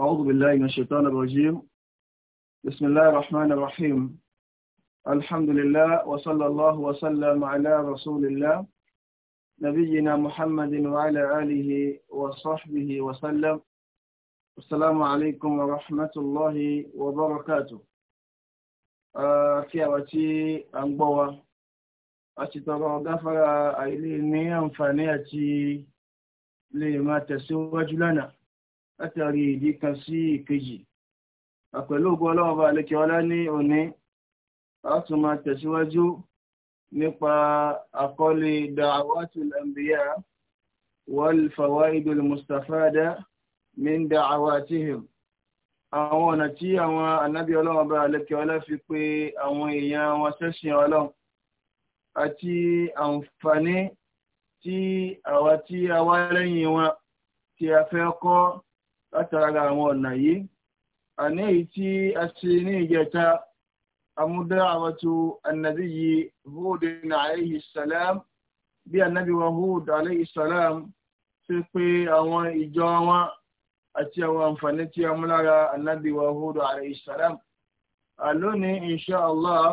أعوذ بالله من الشيطان الرجيم بسم الله الرحمن الرحيم الحمد لله وصلى الله وسلم على رسول الله نبينا محمد وعلى آله وصحبه وسلم السلام عليكم ورحمة الله وبركاته أكيد أتي أنبوا أتي ترى غفر أيلي نيام فانياتي لما تسوى جلنا látàrí ìdí kan sí ìkejì àpẹ̀lú ògùn ọlọ́wọ́ bá lẹ́kẹ̀ ọlá ní òní a tún máa tẹ̀síwájú nípa àkọlé da'awatul anbiya wal fawaidul mustafada min da'awatihim àwọn ọ̀nà tí àwọn ànábì ọlọ́wọ́ bá lẹ́kẹ̀ ọlá fi pé àwọn èèyàn wọn sẹ́sìn ọlọ́run àti àǹfààní tí àwa tí a wá lẹ́yìn wọn tí a fẹ́ kọ́ látara àwọn ọ̀nà yìí àní èyí tí a ṣe ní ìjẹta amúdá àwọtú ànàbí yìí Hud ní alayhi salam bí ànàbí wa Hud alayhi salam ṣe pé àwọn ìjọ wọn àti àwọn àǹfààní tí a mú lára ànàbí wa Hud alayhi salam àlónì insha Allah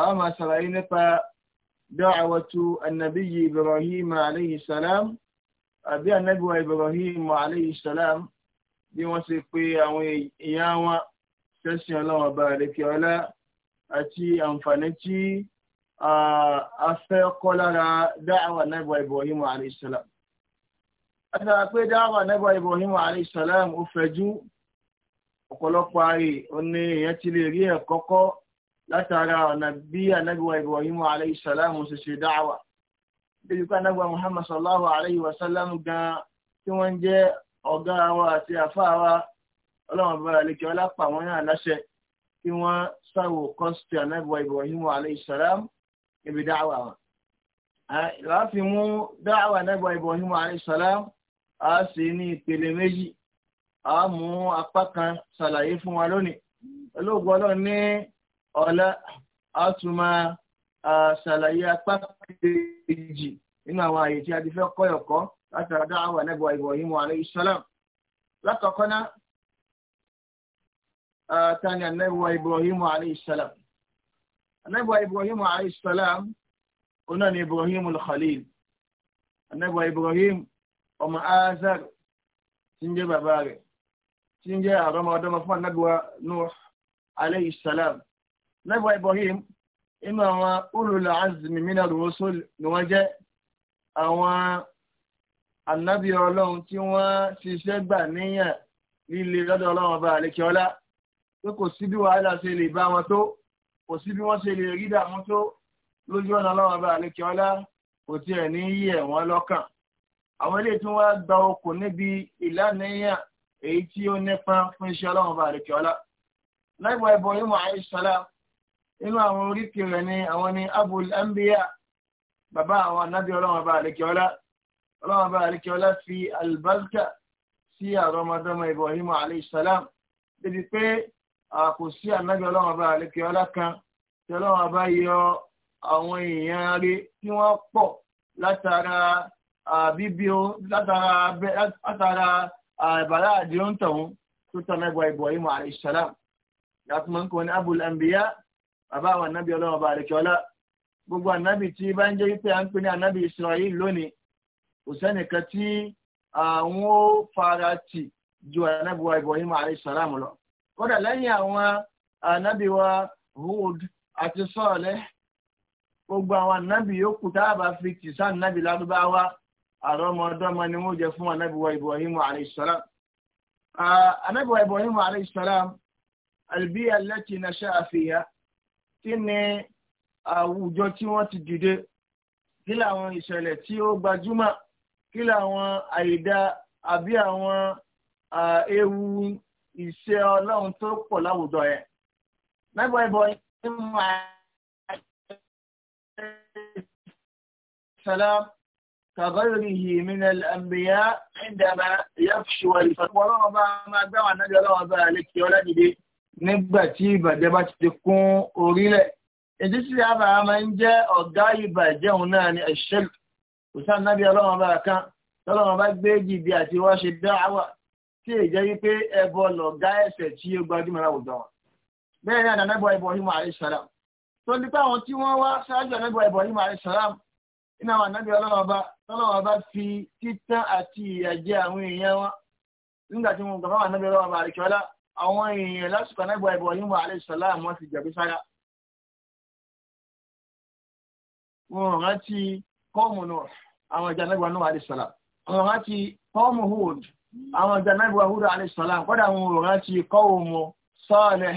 a máa ṣàlàyé nípa da'awatu ànàbí yìí Ibrahim alayhi salam àbí ànàbí wa Ibrahim alayhi salam bí wọ́n ṣe pé àwọn èèyàn wọn ṣẹ́sìn ọlọ́run ọba àdékè ọlá àti àǹfààní tí a fẹ́ kọ́ lára dáhàwà nẹ́bọ̀ Ibrahim alayhisalam. Adara pé dáhàwà nẹ́bọ̀ Ibrahim alayhisalam ó fẹ̀jú ọ̀pọ̀lọpọ̀ ààrẹ òní èèyàn ti lè rí ẹ̀kọ́ kọ́ látara ọ̀nà bí ànẹ́bọ̀ Ibrahim alayhisalam ṣe ṣe dáhàwà. Bí ìdíkọ́ ànẹ́bọ̀ Muhammad sallallahu alayhi wa sallam gan tí wọ́n jẹ́ ọ̀gá wa àti àfáà wa ọlọ́run ọba àlejò ọlápá wọn náà láṣẹ kí wọ́n sáwò kọ́sìtì anábọ̀ Ibrahim alayhi salam níbi dáwà wọn. Àá fi mú dáwà anábọ̀ Ibrahim alayhi salam a sì ní ìpele méjì a mú apá kan ṣàlàyé fún wa lónìí olóògùn ọlọ́run ní ọ̀la a tún máa ṣàlàyé apá kejì nínú àwọn àyè tí a ti fẹ́ kọ́ látara dáhùn ànábọ̀ Ibrahim alayhi salam lákọ̀ọ́kọ́ náà tani ànábọ̀ Ibrahim alayhi salam ànábọ̀ Ibrahim alayhi salam ọ̀nà ni Ibrahim al-Khalil ànábọ̀ Ibrahim ọmọ Azar tí ń jẹ́ bàbá rẹ̀ tí ń jẹ́ àrọ́mọdọ́mọ fún ànábọ̀ Nuh alayhi salam ànábì ọlọ́run tí wọ́n ṣiṣẹ́ gbà níyàn líle lọ́dọ̀ ọlọ́run ọba àlékiọlá pé kò sí bí wàhálà ṣe lè bá wọn tó kò sí bí wọ́n ṣe lè rí dààmú tó lójú ọ̀nà ọlọ́run ọba àlékiọlá kò tiẹ̀ ní yí ẹ̀ wọ́n lọ́kàn. àwọn ilé tí wọ́n gba okùn níbi ìlànìyàn èyí tí ó nípa fún iṣẹ́ ọlọ́run ọba àlékiọlá. láìpẹ́ ẹ̀bùn yìí mọ̀ àìsàlá inú àwọn oríkì ọlọ́run bá àríkẹ́ ọlá fi albarka sí àrọmọdọ́mọ Ibrahim aleyhisselam débi pé kò sí ànábì ọlọ́run bá àríkẹ́ ọlá kan tí ọlọ́run bá yọ àwọn èèyàn rẹ̀ tí wọ́n pọ̀ látara bíbí o látara àbàrà àdéhùntàn tó tọ́nà ìgbà Ibrahim aleyhisselam yàtúmọ̀ nǹkan ní abul anbiya bàbá àwọn ànábì ọlọ́run bá àríkẹ́ ọlá gbogbo ànábì tí bá ń jẹ́ wípé à ń pè ní ànábì Israel lónìí kò sẹ́nìkan tí àwọn ó fara tì ju anábìwa Ibrahim alayhisalaam lọ kódà lẹ́yìn àwọn anábìwa Hud àti Sọ́ọ̀lẹ́ gbogbo àwọn anábì yòókù tá a bá fi tì sáà nábì ládùbáwá àrọ́mọdọ́mọ ni wọ́n jẹ fún anábìwa Ibrahim alayhisalaam. Ànábì wa Ibrahim alayhi salam albiya allati nasha'a fiha kí ni àwùjọ tí wọ́n ti dìde kí làwọn ìṣẹ̀lẹ̀ tí ó gbajúmọ̀ kí làwọn àìdá àbí àwọn ewu iṣẹ́ ọlọ́run tó pọ̀ láwùjọ yẹn. Láìpẹ́ ìbọn ní mo àìsàn كغيره من الأنبياء عندما يفشو الفتح ọlọ́run bá máa gbá wà nájọ́ ọlọ́run bá lè kí ọlá dìde nígbà tí ìbàjẹ́ bá ti kún orílẹ̀. èdè sí ń jẹ́ ọ̀gá ìbàjẹ́ òun náà ni ẹ̀ṣẹ́lù kò sáà nábì ọlọ́run ọba kan tọ́lọ́run ọba gbé jìdí àti wá ṣe dáwà tí èyí jẹ́ wípé ẹbọ lọ̀gá ẹ̀ṣẹ̀ tí ó gbajúmọ̀ láwùjọ wọn. bẹ́ẹ̀ ni àdánẹ́bọ̀ Ibrahim alayhi salam tó ní pé àwọn tí wọ́n wá ṣáájú àdánẹ́bọ̀ Ibrahim alayhi salam iná àwọn ànábì ọlọ́run ọba tọ́lọ́run ọba fi títán àti ìyàjẹ àwọn èèyàn wọn nígbà tí wọn gbà fáwọn ànábì ọlọ́run ọba àríkọ́lá àwọn èèyàn lásìkò ànábì Ibrahim alayhi salam wọ́n kọ́ọ̀mù nù àwọn ìjà nẹ́gbà nù àdìsọ́lá wọn rántí kọ́ọ̀mù hood àwọn ìjà nẹ́gbà hood àdìsọ́lá kọ́dà wọn ò rántí kọ́ọ̀mù sọ́ọ̀lẹ̀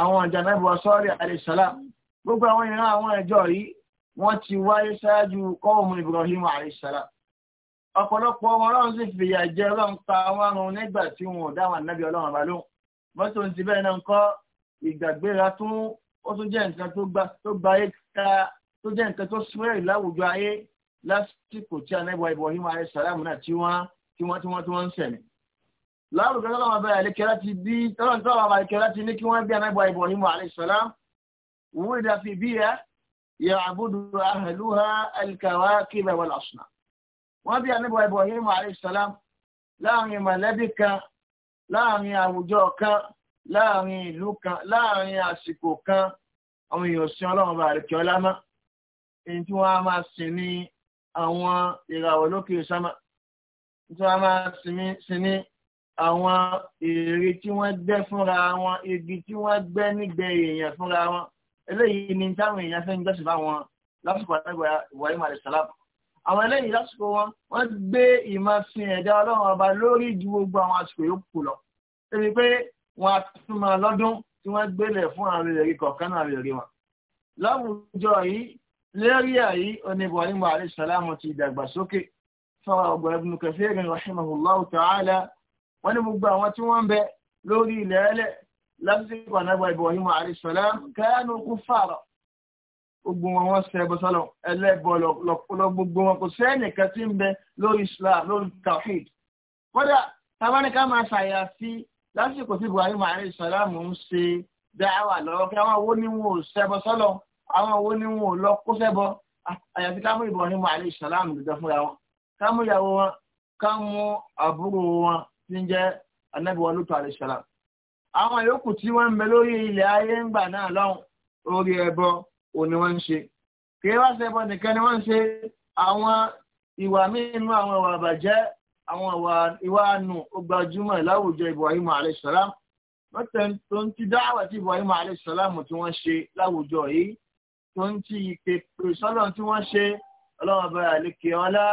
àwọn ìjà nẹ́gbà sọ́ọ̀lẹ̀ àdìsọ́lá gbogbo àwọn ìran àwọn ìjọ yìí wọ́n ti wáyé ṣáájú kọ́ọ̀mù Ibrahim àdìsọ́lá ọ̀pọ̀lọpọ̀ ọmọ ọlọ́run sì fìyà jẹ ọlọ́run pa àwọn àrùn nígbà tí wọn ò dáwọn tó jẹ́ nǹkan tó súnmọ́rẹ̀ láwùjọ ayé lásìkò tí anábọ̀ Ibrahim alayhi salam náà tí wọ́n tí wọ́n tí wọ́n tí wọ́n ń sẹ̀mí. láwùjọ tọ́lọ́mọ abẹ́rẹ́ àlekẹ́lá ti bí tọ́lọ́mọ abẹ́rẹ́ àlekẹ́lá ti ní kí wọ́n bí anábọ̀ Ibrahim alayhi salam wúwo ìdàfi bí yẹ ya'budu ahluha al-kawakib wal-asnam. wọ́n bí anábọ̀ Ibrahim alayhi salam láàrin mọ̀lẹ́bí kan láàrin àwùjọ kan láàrin ìlú kan láàrin àsìkò kan àwọn èèyàn sin ọlọ́run bá àlekẹ́lá máa èyí tí wọ́n á máa sìn ní àwọn ìràwọ̀ lókè sámà tí wọ́n á máa sìn ní àwọn èrè tí wọ́n gbẹ́ fúnra wọn igi tí wọ́n gbẹ́ nígbẹ́ èèyàn fúnra wọn eléyìí ni táwọn èèyàn fẹ́ ń gbẹ́sìn bá wọn lásìkò àtẹ́gbà Ibrahim alayhisalaam àwọn eléyìí lásìkò wọn wọ́n gbé ìmọ̀sìn ẹ̀dá ọlọ́run ọba lórí ju gbogbo àwọn àsìkò yòókù lọ ebi pé wọn àtúmọ̀ lọ́dún tí wọ́n gbélé fún àwọn èrè kọ̀ọ̀kan náà èrè wọn láwùjọ yìí lérí àyí oníbọ̀rìmọ̀ àríṣàlámù ti dàgbàsókè fáwọn ọgbà ibn Kathir rahimahullahu ta'ala wọ́n ní gbogbo àwọn tí wọ́n ń bẹ lórí ilẹ̀ ẹlẹ̀ lásìkò ànábọ̀ ìbọ̀rìmọ̀ àríṣàlámù kánú kufara gbogbo wọn wọ́n ṣe ẹbọ sọ́lọ̀ ẹlẹ́bọ̀ lọ gbogbo wọn kò sẹ́ni kan tí ń bẹ lórí Islam lórí tawhid kódà tabaníkà máa ṣàyàfi lásìkò tí ibrahim àríṣàlámù ń àwọn owó ni wọn ò lọ kó sẹ́bọ ah, àyàfi ká mú ìbọn nímọ̀ àlẹ́ ìsàlámù dídá fúnra wọn ká mú ìyàwó wọn ká mú àbúrò wọn tí ń jẹ́ anábìwọ lótò àlẹ́ ìsàlámù. àwọn yòókù tí wọ́n ń bẹ lórí ilẹ̀ ayé ń gbà náà lọ́hùn orí ẹbọ òní wọ́n ń ṣe kí wọ́n ṣe ẹbọ nìkan ni wọ́n ń ṣe àwọn ìwà mímú àwọn ìwà àbàjẹ́ àwọn ìwà àánú gbajúmọ̀ láwùjọ Ibrahim alayhi salam wọ́n tẹ̀ tó ń ti dáwà tí Ibrahim alayhi salam tí wọ́n ṣe láwùjọ yìí tó ń ti ìpèpè sọ́lọ̀ tí wọ́n ṣe ọlọ́run ọba àlekè ọlá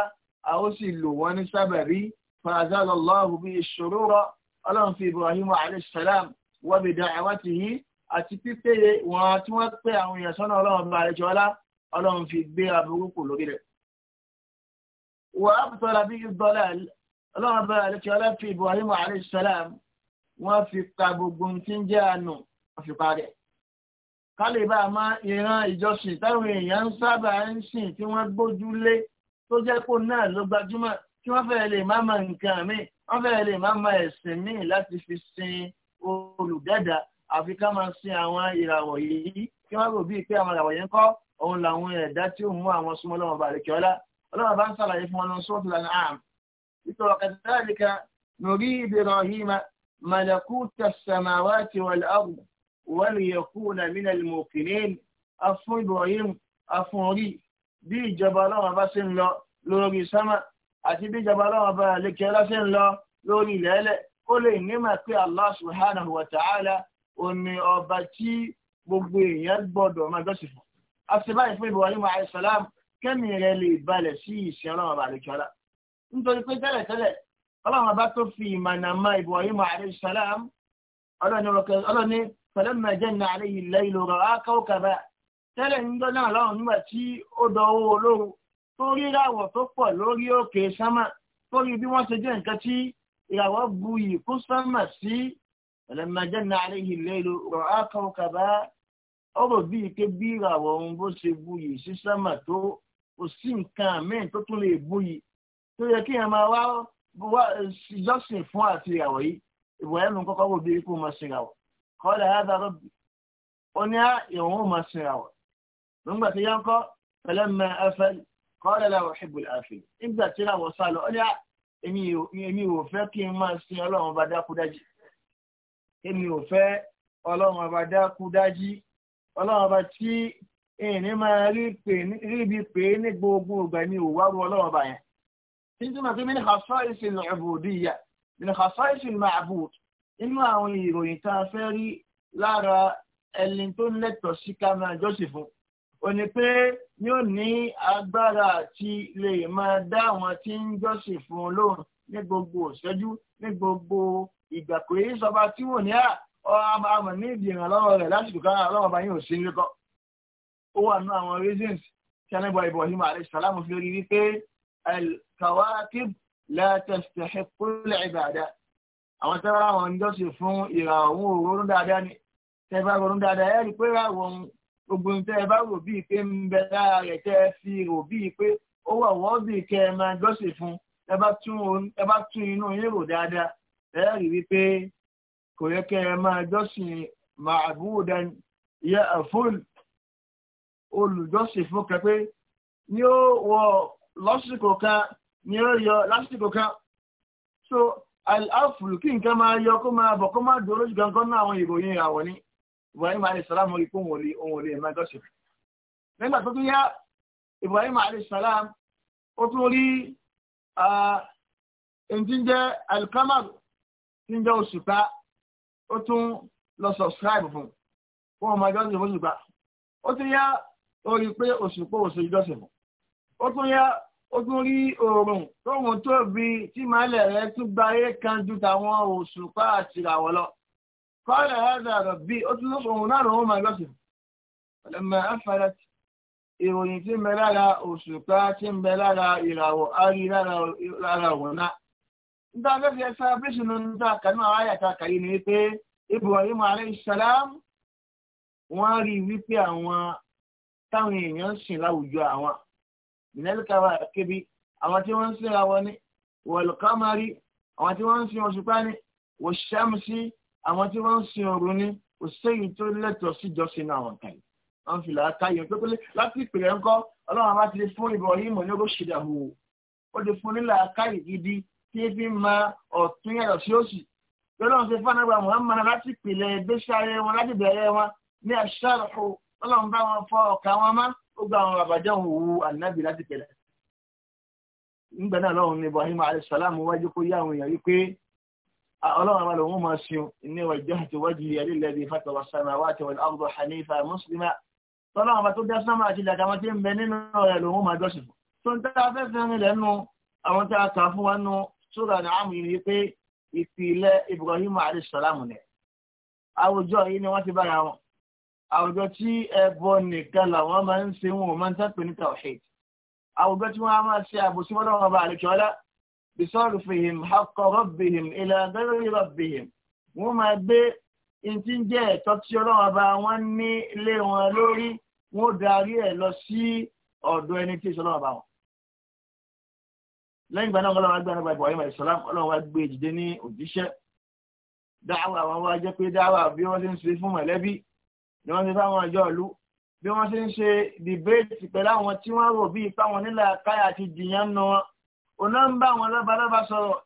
a ó sì lò wọ́n ní sábàbí fàzàlọ́láhù bí ìṣòro ọlọ́run fi Ibrahim alayhisalam wọ́n bí da'awatihi àti pípé wọn tí wọ́n pé àwọn èèyàn sọ́nà ọlọ́run ọba àlekè ọlá ọlọ́run fi gbé aburú lórí rẹ̀. wọ́n á bùtọ́ la bí ìdọ́lá ọlọ́run ọba àlekè ọlá fi Ibrahim alayhisalam wọ́n fi pa gbogbo ohun ń jẹ́ àánú wọ́n fi parẹ́ kálíbà máa ìran ìjọsìn táwọn èèyàn ń sábà ń sìn tí wọ́n gbójúlé tó jẹ́ kó náà ló gbajúmọ̀ tí wọ́n fẹ́ẹ́ lè má mọ nǹkan mi wọ́n fẹ́ẹ́ lè má mọ ẹ̀sìn mi láti fi sin olùdẹ́dà àfi ká máa sin àwọn ìràwọ̀ yìí kí wọ́n rò bíi pé àwọn ìràwọ̀ yẹn ń kọ́ òun làwọn ẹ̀dá tí ó mú àwọn súnmọ́ lọ́wọ́ bàrẹ̀kẹ́ ọlá ọlọ́wọ́ bá ń sàlàyé fún ọlọ́run sọ́ọ̀tù lánàá àm ìtọ̀rọ̀ kẹtàlíkà nuridu Ibrahima malakuta samawati wal ardh وليكون من الموقنين afún Ibrahim afún orí bí ìjọba ọlọ́run bá ṣe ń lọ lórí sámà àti bí ìjọba ọlọ́run bá lékè ọlá ṣe ń lọ lórí ilẹ̀ẹ́lẹ̀ ó lè nímọ̀ pé Allah subhanahu wa ta'ala òní ọba tí gbogbo èèyàn gbọ́dọ̀ máa gbọ́sìn fún. àti báyìí fún Ibrahim alayhi salam kẹ́mi rẹ̀ lè balẹ̀ sí ìsìn ọlọ́run bá lékè ọlá nítorí pé tẹ́lẹ̀tẹ́lẹ̀ ọlọ́run bá tó fi ìmọ̀nàmọ́ Ibrahim alayhi salam ọlọ́ni فلما جن عليه الليل رأى كوكبا tẹ́lẹ̀ ń dọ́nà lọ́rùn nígbà tí ó dọwọ́ olóru tó rí ìràwọ̀ tó pọ̀ lórí òkè sámà tó rí bí wọ́n ṣe jẹ́ nǹkan tí ìràwọ̀ bu yìí kún sámà sí فلما جن عليه الليل رأى كوكبا ó rò bíi pé bí ìràwọ̀ ọ̀hún bó ṣe bu yìí sí sámà tó kò sí nǹkan àmín tó tún lè bu yìí tó yẹ kí ẹ máa wá jọ́sìn fún àti ìràwọ̀ yìí ìwọ̀ ẹnu kọ́kọ́ wò bí ikú máa ṣe ìràwọ̀ kọ́lá yáda rọ́bì ó ní ìwọ̀n máa ṣe àwọ̀ nígbà tí yá ń kọ́ pẹ̀lẹ́ mẹ́ ẹfẹ́ kọ́lá láwọ̀ ṣìbùl àfi nígbà tí láwọ̀ sá lọ ó ní èmi ò fẹ́ kí n máa sin ọlọ́run bá dákú dájí èmi ò fẹ́ ọlọ́run bá dákú dájí ọlọ́run bá tí ìní máa rí ibi pé ní gbogbo ìgbà ni òwárú ọlọ́run bá yẹn. Tí ń túmọ̀ sí min khasa'is nínú àwọn ìròyìn tá a fẹ́ rí lára ẹni tó lẹ́tọ̀ọ́ sí ká máa jọ́sìn fún ó ní pé yóò ní agbára àti lè máa dá àwọn tí ń jọ́sìn fún lóhùn ní gbogbo ìṣẹ́jú ní gbogbo ìgbà kò yí sọba tí wò ní àmọ̀ ah, ní ìdí ìrànlọ́wọ́ rẹ̀ lásìkò kára ọlọ́wọ́ bá ò sí nílẹ́kọ́ ó wà nínú àwọn reasons tí anábọ̀ Ibrahim alayhi fi rí wípé al-kawakib la tastahiqqu al-ibada àwọn tẹ́wọ́ àwọn ń jọ́sìn fún ìrà òun òórùn dáadáa ni tẹ́ bá ronú dáadáa ẹ rí pé ra àwọn gbogbo tẹ́ ẹ bá rò bíi pé ń bẹ lára rẹ̀ tẹ́ ẹ fi rò bíi pé ó wà wọ́ bíi kẹ́ ẹ máa jọ́sìn fún ẹ bá tún inú yín rò dáadáa ẹ rí wípé kò yẹ kẹ́ ẹ máa jọ́sìn ma'budan yẹ fún olùjọ́sìn fún kẹ́pẹ́ ni ó wọ lásìkò kan ni ó yọ lásìkò kan al-afru kí nǹkan máa yọ kó máa bọ̀ kó máa dòró jù gangan náà àwọn ìròyìn ìràwọ̀ ni Ibrahim alayhisalam rí pé òun ò lè máa gọ́sì nígbà tó tún yá Ibrahim alayhisalam ó tún rí ẹnjíńjẹ́ al-qamar tí ń jẹ́ òṣùpá ó tún lọ subscribe fún fún ọmọ ìjọsìn fún òṣùpá ó tún yá ó rí pé òṣùpá òṣèjọsìn fún ó tún yá ó tún rí oòrùn tóun tóbi tí màálẹ̀ rẹ̀ tún gba ayé kan ju tàwọn òṣùpá àtìràwọ̀ lọ. قال هذا ربي ó tún lọ́sọ̀ òun náà lọ́wọ́ máa lọ́sìn. ọ̀lẹ́mọ̀ afarat ìròyìn tí ń bẹ lára òṣùpá tí ń bẹ lára ìràwọ̀ arí lára òun náà. níta fẹ́fẹ́ ẹ̀sà bíṣù ní níta kanú àwọn àyàtà kàyé ni pé Ibrahim alayhi salam wọ́n rí wípé àwọn táwọn èèyàn sìn láwùjọ àwọn ìnẹ́lìkàwà kébi àwọn tí wọ́n ń sìn àwọn ní wọ̀lùkámárì àwọn tí wọ́n ń sìn òṣùpá ní wọ̀ṣàmùsí àwọn tí wọ́n ń sìn òru ní òṣèyìn tó lẹ́tọ̀ọ́ síjọ́sìn náà wọ̀n kàyí wọ́n fi làákà yẹn pépélé láti ìpìlẹ̀ ńkọ́ ọlọ́run àbá ti lè fún Ibrahim onígbó ṣìdàhù ó ti fún nílà káyì ó fi ma ọ̀tún yàtọ̀ sí òsì lọ́lọ́run ti fún anágbà Muhammad láti ìpìlẹ̀ ìgbésí ayé wọn láti bẹ̀rẹ̀ wọn ó gba àwọn àbájá òun wu ànábì láti pẹ̀lẹ́ nígbà náà lọ́run ní Ibrahim alayhi salam wájú kó yá àwọn èèyàn wípé ọlọ́run àwọn òun máa ṣeun ní wàjá àti wájú ìyàrí lẹ́bi fatọ̀wà samawati wal ardi hanifa muslima tọ́lọ́run àwọn tó dá sánmà àti ìlàkàmọ́ tí ń bẹ nínú ọ̀rẹ́ lòun máa jọ́sìn fún tó ń tẹ́ afẹ́fẹ́ rìn lẹ́nu àwọn tá a kà fún wa nù sóra ní àmì yìí pé ìpìlẹ̀ Ibrahim alayhi salam nẹ̀ àwùjọ yìí ni wọ́n ti bára wọn àwùjọ tí ẹbọ nìkan làwọn máa ń ṣe wọn máa ń tẹ́pẹ̀ ní tawhid àwùjọ tí wọ́n á máa ṣe àbòsí wọ́n lọ́wọ́ bá àlejò ọlá bisarfihim haqqa rabbihim ila ghayri rabbihim wọ́n máa gbé ntí ń jẹ́ ẹ̀tọ́ tí ọlọ́wọ́ bá wọn ní lé wọn lórí wọ́n darí ẹ̀ lọ sí ọ̀dọ̀ ẹni tí ìṣọ́lọ́wọ́ bá wọn lẹ́yìn ìgbà náà ọlọ́wọ́ agbára bàbá ìwà ìsọ̀lám ọlọ́wọ́ gbé ìdìde e ní òjíṣẹ́ dáhùn àwọn wá jẹ́ pé dáhùn àbí wọ́n ti ń ṣe fún mọ̀lẹ́bí ni wọ́n ti fáwọn àjọ ìlú bí wọ́n ṣe ń ṣe dìbéètì pẹ̀lú àwọn tí wọ́n rò bíi fáwọn nílẹ̀ káyà àti jìyàn nu wọn òun náà ń bá àwọn lọ́balọ́ba sọ̀rọ̀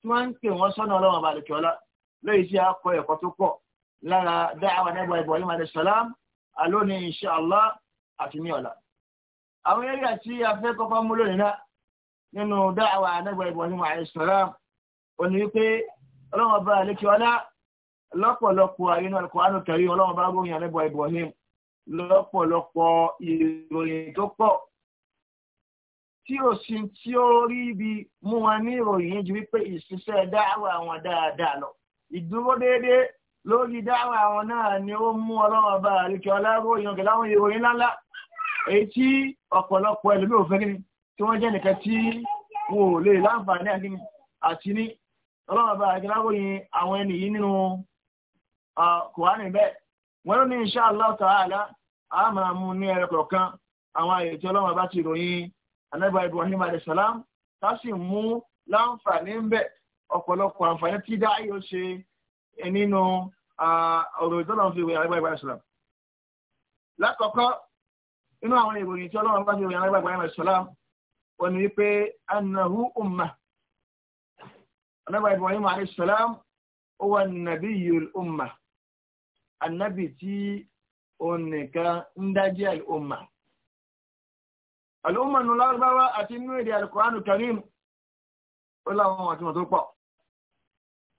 tí wọ́n ń pè wọ́n sọ́nà ọlọ́run àbàlùkì ọlá lóyìí sí akọ ẹ̀kọ́ tó pọ̀ lára dáhàwá nígbà Ibrahim alayhi salam alóni insha Allah àti ní ọ̀la. àwọn eré àti afẹ́ kọ́kọ́ mú lónìí náà nínú dáhàwá nígbà Ibrahim salam òní wípé ọlọ́run àbàlùkì ọlá lọ́pọ̀lọpọ̀ ayé náà kò ánú kẹrí ọlọ́run bá ròyìn àlẹ́bọ̀ Ibrahim lọ́pọ̀lọpọ̀ ìròyìn tó pọ̀ tí ò sí tí ó rí ibi mú wọn ní ìròyìn ju wípé ìṣiṣẹ́ dáhùn àwọn dáadáa lọ ìdúró déédéé lórí dáhùn àwọn náà ni ó mú ọlọ́run bá àríkẹ́ ọláròyìn ọ̀gẹ̀ láwọn ìròyìn ńláńlá èyí tí ọ̀pọ̀lọpọ̀ ẹlòmí òfin kí tí wọ́n jẹ́ nìkan tí wọn ò lè láǹfààní àti ní ọlọ́run bá àríkẹ́ láwọn ìròyìn àwọn ẹni nínú kùránì bẹ́ẹ̀ wọ́n ní insha Allah ta'ala a máa mú ní ẹ̀rọ kọ̀ọ̀kan àwọn àyè tí ọlọ́run bá ti ròyìn anábà Ibrahim alayhisalam tá sì mú láǹfààní ń bẹ̀ ọ̀pọ̀lọpọ̀ àǹfààní tí dá yóò ṣe nínú ọ̀rọ̀ ìtọ́lọ́run fi ròyìn anábà Ibrahim alayhisalam. lákọ̀ọ́kọ́ inú àwọn ìròyìn tí ọlọ́run bá ti ròyìn anábà Ibrahim alayhisalam wọ́n ní wípé annahu ummah anábà Ibrahim alayhisalam huwa nabiyyul ummah anábì tí òun nìkan ń dájí àlùmà àlùmà nù lárúbáwá àti inú èdè alukóránù karim ó láwọn àti wọn tó pọ̀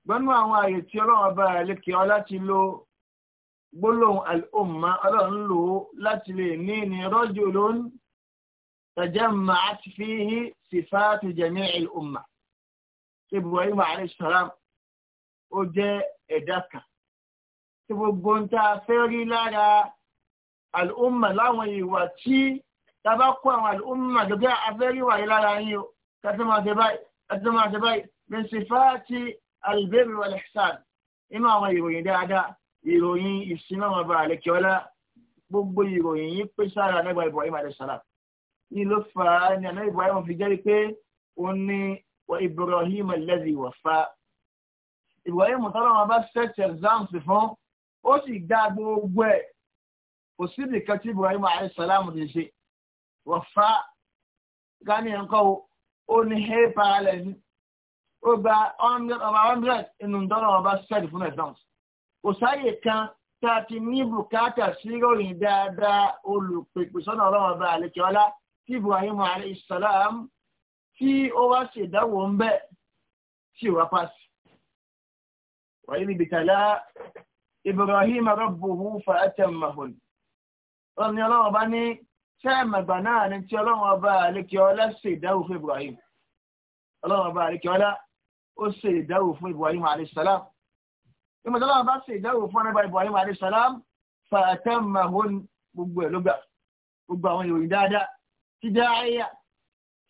gbọ́nú àwọn àyè tí ọlọ́run ọba àlekè ọ láti lo gbólóhùn àlùmà ọlọ́run lò ó láti lè ní ní rọ́jò lónìí تجمعت فيه صفات جميع الأمة إبراهيم السلام ó jẹ́ ẹ̀dá kan tí gbogbo ń tá a fẹ́ rí lára àlùmà láwọn ìwà tí tábà kó àwọn àlùmà gẹ́gẹ́ abẹ́rí wà lára yín o kátó máa ṣe báyìí kátó máa ṣe báyìí min sifati al-birri wal-ihsan nínú àwọn ìròyìn dáadáa ìròyìn ìsinmi àwọn ọba àlẹ́kẹ́ ọlá gbogbo ìròyìn yìí pé sára anábà Ibrahim adesala ní ló fà á ní anábà Ibrahim fi jẹ́rìí pé ó ní wa Ibrahim alladhi wafa Ibrahim tọ́lọ́wọ́n bá set exams fún ó sì dá gbogbo ẹ̀ kò sí nìkan tí Ibrahim alayhisalaam lè ṣe wọ́n fa gani ẹ̀ńkọ́ wo ó ní hay parallel ní ó gba ọba hundred inú dọ́là ọba sẹ́ẹ̀dì fún ẹ̀dán kò sáyè kan tá a ti ní bùkátà sí ròyìn dáadáa olùpèpè sọ́nà ọlọ́run ọba àlekèọ́lá tí Ibrahim alayhisalaam tí ó wá ṣèdánwò ń bẹ̀ tí wá pàṣẹ. wàyí níbi tàlá Ibrahim rabbuhu fa atammahun wọn ni ọlọ́run ọba ní sẹ́ẹ̀mù ẹ̀gbà náà ni tí ọlọ́run ọba àlékè ọlá ṣe ìdáwò fún Ibrahim ọlọ́run ọba àlékè ọlá ó ṣe ìdáwò fún Ibrahim alayhisalam ìmọ̀ tí ọlọ́run ọba ṣe ìdáwò fún ọlọ́run ọba Ibrahim alayhisalam fa atammahun gbogbo ẹ̀ ló gbà gbogbo àwọn ìròyìn dáadáa ti dá ayé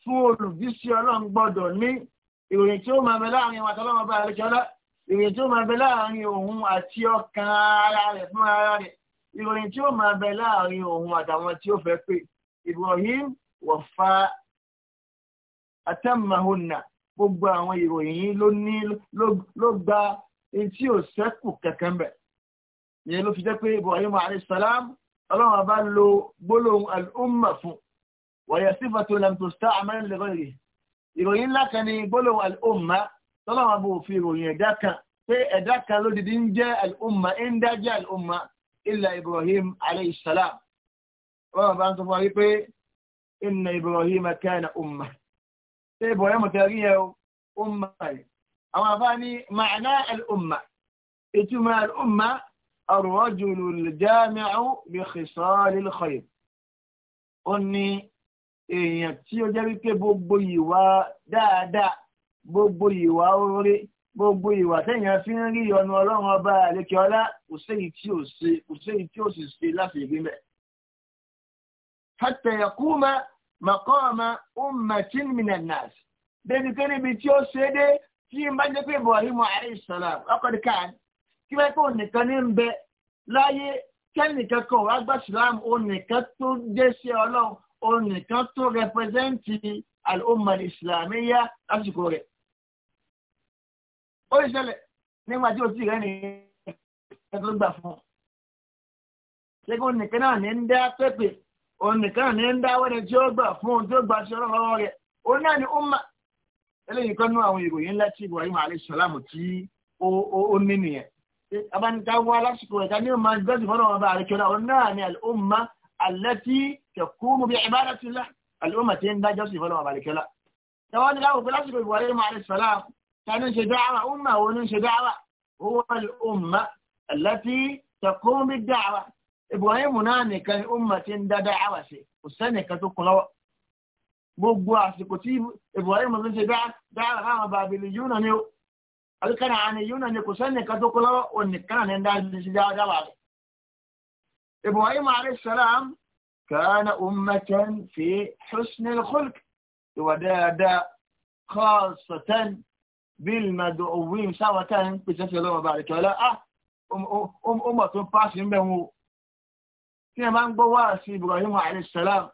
fún olùbísí ọlọ́run gbọ́dọ̀ ní ìròyìn tí ó máa mẹ láàrin wa tọ́lọ́run ọba àlékè ọlá ìròyìn tí ó máa bẹ láàrin òun àti ọkàn ara rẹ̀ fún ara rẹ̀ ìròyìn tí ó máa bẹ láàrin òun àtàwọn tí ó fẹ́ pé Ibrahim wọ̀fà atamahona gbogbo àwọn ìròyìn ló ní ló gba etí ò sẹ́kù kẹ̀kẹ́ ìyẹn ló fi jẹ́ pé Ibrahim alayhisalaam ọlọ́run àbá lo gbólóhùn al-umma fún wọ̀yẹ̀ sífàtò lam tusta'mal li ghayrihi ìròyìn ńlá kan ní gbólóhùn al tọ́lọ́wọ́n bó fi ròyìn ẹ̀dá kan pé ẹ̀dá kan lódìdí ń jẹ́ al-umma ń dájẹ́ al-umma illa Ibrahim alayhi salam wọ́n bá ń sọ fún wa wípé inna Ibrahim kana umma ṣé Ibrahim tẹ̀rí ẹ̀ umma rẹ̀ àwọn afá ní ma'ana al-umma ìtumọ̀ al-umma ar-rajulu al-jami'u bi khisalil ó ní èèyàn tí ó jẹ́ wípé gbogbo ìwà dáadáa gbogbo ìwà oore gbogbo ìwà téèyàn fi ń rí ọ̀nà ọlọ́run ọba àlékè ọlá kò séyìí tí ò ṣe kò séyìí tí ò sì ṣe láti ìgbín pé níbi tí ó ṣe dé tí n bá jẹ́ pé Ibrahim alayhi salam ọkọ̀dé kan kí wọ́n kó nìkan ní bẹ onìkan tó rẹpẹsẹ́ǹtì al-umma al-islamiyya lásìkò rẹ̀. ó ṣẹlẹ̀ nígbà tí o ti rẹ̀ ní ẹ̀ka tó gbà fún ọ. ṣé kí onìkan náà ní ń dá pépè onìkan ní ń dá wẹ́rẹ́ tí ó gbà fún ohun tí ó gbà sí ọ̀rọ̀ lọ́wọ́ rẹ̀ ó náà ní umma. eléyìí kan nú àwọn ìròyìn ńlá tí Ibrahim alayhi tí ó ní nìyẹn. abánikà wá lásìkò ẹ̀ka ní التي تقوم بعبادة الله الأمة تندى جوسف ولو أبالك لا سواء له في الأسر إبراهيم عليه السلام كان دعوة أمة وننشى دعوة هو الأمة التي تقوم بالدعوة إبراهيم ناني كان أمة تندى دعوة سي والسنة كتوكو لو gbogbo àsìkò tí Ibrahim ló دعوة dára láwọn bàbílì yóò náà ni ó àríkàrà àni yóò náà ni kò إبراهيم عليه السلام كان أمة في حسن الخلق ودادا خاصة بالمدعوين سواء بسنة الله بارك ولا أه أمة فاسم به tí ẹ máa ń gbọ́ wá sí Ibrahim alayhisalam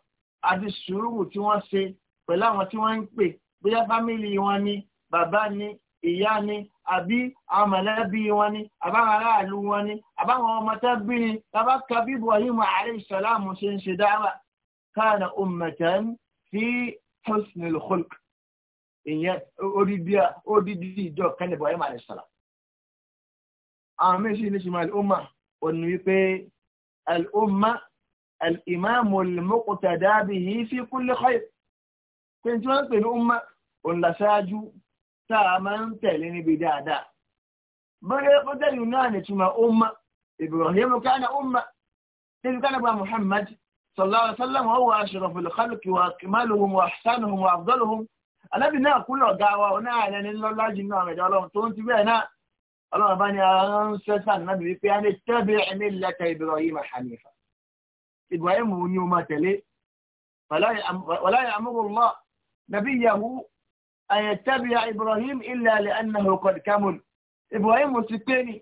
àti sùúrù tí wọ́n ṣe pẹ̀lú àwọn tí wọ́n ń pè bóyá fámìlì wọn ni bàbá ni ìyá ni àbí àwọn mọ̀lẹ́bí wọn ni àbáwọn aráàlú wọn ni àbáwọn ọmọ tó bí ni bàbá kabí Ibrahim alayhi salam ṣe ń ṣe dáwà kana ummatan fi husnil khulq ìyẹn odidi ìjọ kan ní Ibrahim alayhi salam àwọn méjì ní ṣùgbọ́n al'umma òní wípé al'umma al'imamu al-muqtada fi kulli khair pé tí wọ́n ń pè ní umma òun tá a máa ń tẹ̀lé níbi dáadáa. Bọ́lá pọ́tẹ́lì náà ni túmọ̀ umma, Ibrahim kana umma, Nabi kana bá Muhammad, sallallahu alaihi wa sallam, huwa ashraful khalqi wa akmaluhum wa ahsanuhum wa afdaluhum. Alábì náà kú lọ ga wa, ọ̀nà àlẹ́ ní lọ́lá jù náà rẹ̀ ọlọ́run tó ń ti bẹ́ẹ̀ náà. Ọlọ́run bá ní ara ń sẹ́sà náà bìí pé a ní tabi' millata Ibrahim hanifa. Ibrahim ni ó máa tẹ̀lé. Wala ya'muru Allah nabiyyahu أن يتبع إبراهيم إلا لأنه قد كمل إبراهيم وسكيني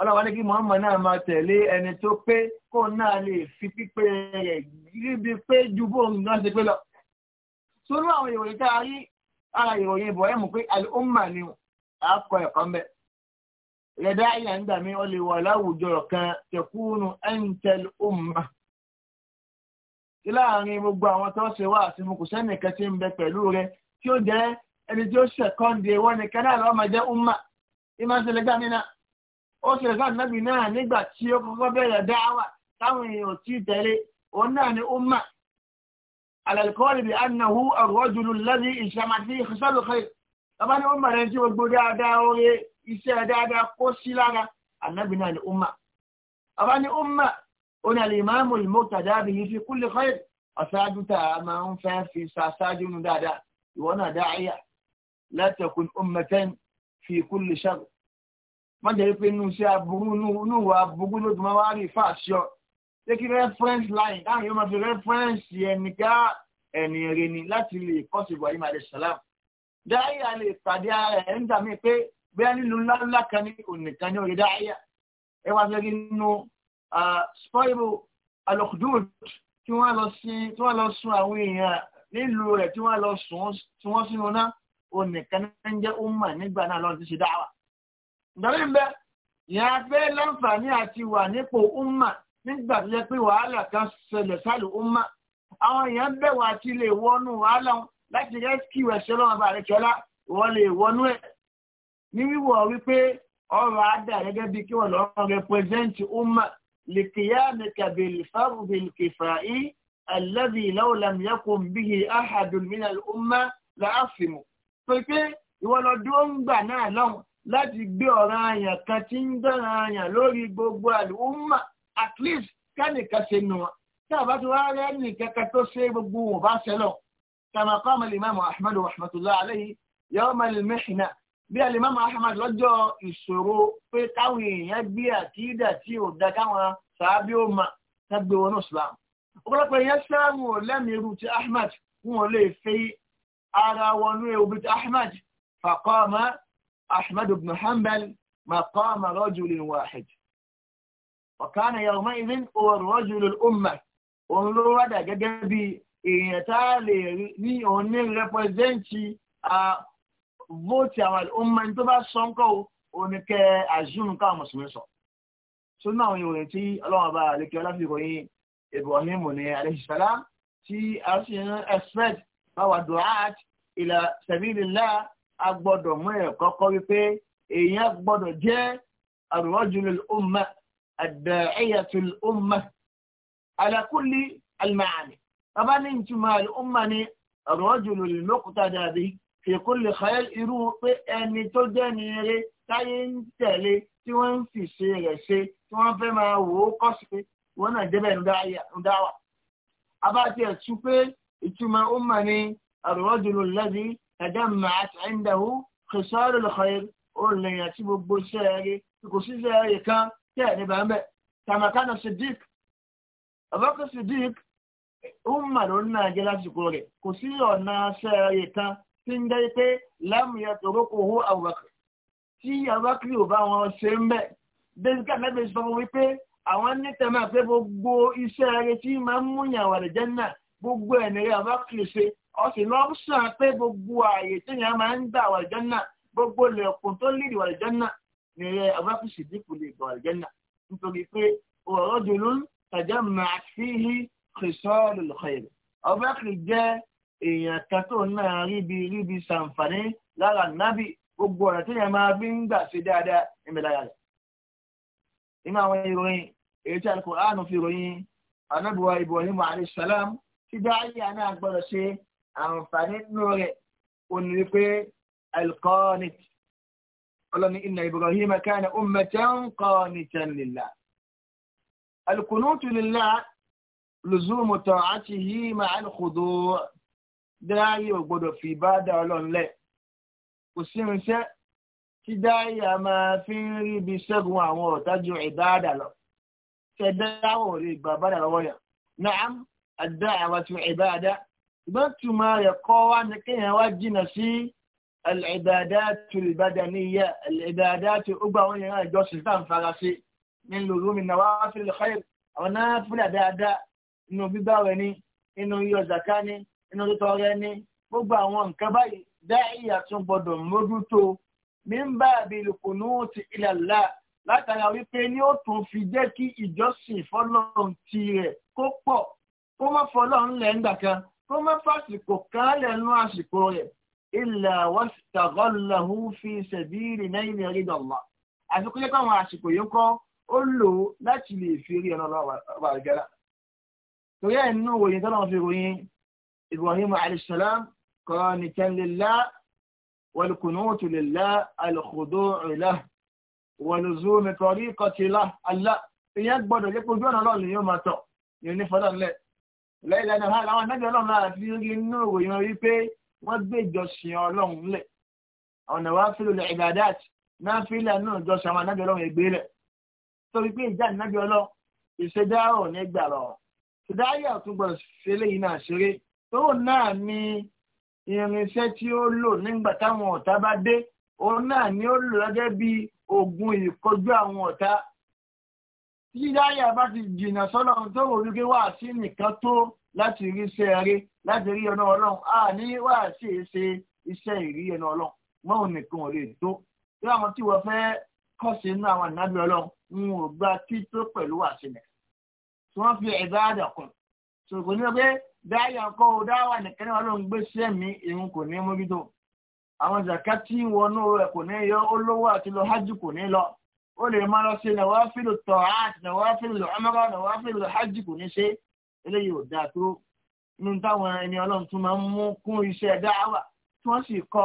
ọlọ́run wa ní kí muhammed náà máa tẹ̀lé ẹni tó pé kó náà lè fi pípé rẹ̀ níbi pé ju bóun náà ṣe pé lọ. sórí àwọn ìròyìn tá a rí ara ìròyìn ibrahim pé al-umma ni àkọ ẹ̀kọ́ ń bẹ̀. ìrẹ̀dá ìyá ń dà mí ọ lè wà láwùjọ kan tẹ̀kúnnù ẹ̀ńtẹ̀l umma. láàárín gbogbo àwọn tó ṣe wá àti mo kò sẹ́nìkan tí ń bẹ pẹ̀lú rẹ̀ tí ó jẹ́ ẹni tí ó ṣẹ̀kọ́ndé wọn ni kẹ́dà lọ́wọ́ máa jẹ́ umma ìmọ̀ ìṣẹ̀lẹ̀ gbà mí náà ó ṣẹlẹ̀ sáà nábì náà nígbà tí ó kọ́kọ́ bẹ̀rẹ̀ dáhàwà táwọn èèyàn tí ì tẹ̀lé òun náà ni umma alàlùkọ́ọ̀lì bí annahu ar-rajulu alladhi ìṣàmàtí ìṣàlù khair bàbá ní umma rẹ̀ tí gbogbo dáadáa orí iṣẹ́ dáadáa kó sí lára ànábì náà ni umma bàbá ní umma ó ní al-imamu al fi kulli khair ọ̀sáájú tá a máa ń fẹ́ fi ṣàṣáájú nu dáadáa ìwọ داعية لا تكون la في كل fi ما sharr má jẹ́ pé نو iṣẹ́ aburú inú ìwà aburú ló ti máa wá rí fà sí ọ reference line káwọn yóò máa reference ẹni ká ẹni rẹ ni láti lè kọ́ sí Ibrahim alayhi salam dáhìá lè pàdé ara ẹ̀ ń dà mí pé bẹ́ẹ̀ nílùú ńláńlá kan ní ònìkan ní orí dáhìá ẹ wá fẹ́ kí nínú ah, spoil alokdud tí wọ́n lọ sun àwọn èèyàn nílùú rẹ̀ tí wọ́n lọ sùn tí wọ́n sínú náà o nìkan ń jẹ́ ọmọ nígbà náà lọ́n ti ṣe dáwà. ìdàrí ń bẹ ìyẹn pé láǹfààní àti wà nípò ọmọ nígbà tó yẹ pé wàhálà kan ṣẹlẹ̀ sálù ọmọ àwọn èèyàn bẹ̀wò àti lè wọnú wàhálà wọn láti rẹ́síkì ẹ̀ṣẹ́ lọ́wọ́ bá rẹ̀ kẹ́lá wọ́n lè wọnú ẹ̀ ní wíwọ̀ wípé ọrọ̀ adà gẹ́gẹ́ bí kí wọ́n lọ́ọ́ rẹpẹsẹ́ǹtì ọmọ lèkìyà mẹ́kàbẹ̀lì fárúbẹ̀lì kẹfà yìí alladhi law lam yakun bihi ahadun min al-umma láàfìmù. pé pé ìwọ lọ dúró ń gbà náà lọ́wọ́ láti gbé ọ̀ràn àyàn kan tí ń dọ̀ràn àyàn lórí gbogbo al-umma at least kánìkan ṣe nù wọn. tí a bá ti wá rẹ́ nìkankan tó ṣe gbogbo wọn bá ṣẹlọ̀. kama qama al-imam ahmad alayhi yawm al-mihna bí al-imam lọ́jọ́ ìṣòro pé káwọn èèyàn gbé àkídà tí ò da káwọn sàábí ó ma ká gbé wọn ní ọ̀pọ̀lọpọ̀ èèyàn ṣáàrùn ò lẹ́mìí irú ti Ahmad wọn ò lè fi ara wọnú ewu bí ti Ahmad faqama Ahmad ibn Hanbal maqama rajulin wahid ọ̀kánà yawma'idh huwa rajul al-umma òun ló wádà gẹ́gẹ́ bí èèyàn tá a lè ní òun ní rẹpẹsẹ́ǹtì vóòtì àwọn ọmọ ẹni tó bá sọ ń kọ́ oníkẹ́ àzúnù káwọn mùsùlùmí sọ. sọ náà òyìnbó tí ọlọ́run bá àlékè ọlá fi kò yín Ibrahim ní àlẹ́sìsálá tí a sì ń expect báwa du'at ila sabilillah a gbọ́dọ̀ mú ẹ̀ kọ́kọ́ wípé èèyàn gbọ́dọ̀ jẹ́ ar-rajulul umma ad-da'iyatul umma ala kulli al-ma'ani bàbá ní ìtumọ̀ al-umma ní ar-rajulul muqtada bi irú pé ẹni tó jẹ́ ní táyé ń tẹ̀lé tí wọ́n ń fi ṣe rẹ̀ ṣe tí wọ́n fẹ́ máa wò ó kọ́ sí wọn náà jẹ́ bẹ́ẹ̀ ń dáwà. abáàtì ẹ̀ sún pé ìtumọ̀ ó mà ní àrùwọ́dúró lẹ́bi ẹ̀dá màát ẹ̀ńdàwó kìsọ́ọ̀rù lọ́kọ̀ọ́yẹ ó lẹ́yìn àti gbogbo sẹ́ẹ̀rì kò sí sẹ́ẹ̀rì kan tẹ́ ẹ̀ níbà ń bẹ̀. tàmàkánà Siddiq Abubakar Siddiq ó mà ló ń náà jẹ́ lásìkò rẹ̀ kò sí ọ̀nà sẹ́ẹ̀rì kan tí ń jẹ́ pé lámùyẹ tòrókò hó Abubakar tí Abubakar ò bá wọn ṣe ń bẹ̀. bẹ́ẹ̀ àwọn nítẹ̀mọ́ pé gbogbo iṣẹ́ ayé tí máa ń múyàn wà lè jẹ́nà gbogbo ẹ̀nìyàn àwọn kìrìsì ọ̀sìn lọ́sàn pé gbogbo ààyè tí yẹn máa ń gbà wà lè jẹ́nà gbogbo lẹ́kùn tó lè wà lè jẹ́nà nìyẹn àwọn kìrìsì dínkù lè gbà wà lè jẹ́nà nítorí pé ọ̀rọ̀ dùnú tàjà máa fi hí kìrìsọ́ọ̀lù lọ́kọ̀ọ̀yẹ̀ ọ̀bẹ́ kìrì jẹ́ èèyàn kan tó náà ríbi ríbi sàǹfààní lára nábì gbogbo ọ̀nà tí yẹn máa gbé ń gbà ṣe dáadáa níbi rẹ̀ nínú àwọn ìròyìn èyí tí alukóraanu fi ròyìn anábùwà ibrahim alayhisalaam ti dá ayé àná àgbọ̀dọ̀ ṣe àǹfààní nínú rẹ̀ òní wípé alkọ́nit ọlọ́ni inna ibrahim kana ummatan qanitan lillah alkunutu lillah lùzúmù ta'atihi ma'al khudu' dáyé ò gbọdọ̀ fi bá dá ọlọ́run kò sí irinṣẹ́ tí dáyé a máa fi ń rí ibi ṣẹ́gun àwọn ọ̀tájú ìdáadà lọ. كدعوة لبابا الغوية نعم الدعوة عبادة بطما يقوى أنك يواجه نسي العبادات البدنية العبادات أبوية جوسفان فرسي من لزوم النوافل الخير ونافل دادا إنه بباوني إنه يوزكاني إنه لطوريني gbogbo àwọn nǹkan báyìí dá ìyàtún gbọdọ̀ mójútó mímbà bíi lùkùnú ti ilẹ̀ láà látara wípé ni ó tún fi jẹ́ kí ìjọsìn fọlọ́run tirẹ̀ kó pọ̀ kó má fọlọ́run lẹ̀ ń gbà kan kó má fàsìkò kan lẹ́nu àsìkò rẹ̀ ilà wàsítàgọ́làhù fi sẹ̀bírì náírà rídà Allah àfikún yẹ káwọn àsìkò yìí kọ́ ó lò ó láti lè fi rí ẹ̀rọ ọlọ́wà gẹ́gẹ́rà torí ẹ̀ nínú òyìn tó náà fi ròyìn Ibrahim alayhisalaam qanitan lillah wal kunutu lillah al khudu'u lahu wọ̀lùzú mẹ́tọ̀rí kọtìlá alá ìyẹn gbọ́dọ̀ jẹ́ ojú ọ̀nà ọlọ́run yóò máa tọ̀ yóò ní fọlọ́ lẹ̀ lẹ́yìn lẹ́nu ha làwọn anájọ ọlọ́run náà fi rí inú ìròyìn rí pé wọ́n gbé ìjọsìn ọlọ́run lẹ̀ ọ̀nà wa fi lulẹ̀ ìgbàdáàtì náà fi lẹ̀ nù ìjọsìn àwọn anájọ ọlọ́run ègbé lẹ̀ torí pé ìjà ìnájọ ọlọ́run ìṣẹ̀dáàrọ̀ ní gbà lọ ìdáyà tó gbọ́dọ̀ ṣe léyìn náà ṣeré tóun náà ni irinṣẹ́ tí ó lò nígbà táwọn ọ̀tá bá dé òun náà ni ó lò gẹ́gẹ́ bíi ogun ìkọjú àwọn ọ̀tá tí dáyà bá ti jìnnà sọ́nà tó wò wípé wà sí nìkan tó láti rí iṣẹ́ rẹ láti rí ọ̀nà ọlọ́run a ní wà sí ṣe iṣẹ́ ìrí ọ̀nà ọlọ́run mọ́ nìkan ò lè tó tí àwọn tí wọ́n fẹ́ kọ́ sí inú àwọn ànábì ọlọ́run ń ò gba tító pẹ̀lú àṣìlẹ̀ tí wọ́n fi ẹ̀dá àdà kùn ṣòkò ní ọgbẹ́ dáyà kọ́ ọ dáwà nìkan ọlọ́run gbé sẹ́mi ìhun kò ní mójútó àwọn zakati wọnú rẹ̀ kò ní yọ olówó àti lọ hajj kò ní lọ ó lè máa lọ sí nàwáfílù tọ́hát nàwáfílù umra nàwáfílù hajj kò ní ṣe eléyìí ò dáa tó nínú táwọn ẹni ọlọ́run tún máa ń mú kún iṣẹ́ dáhàwà tí wọ́n sì kọ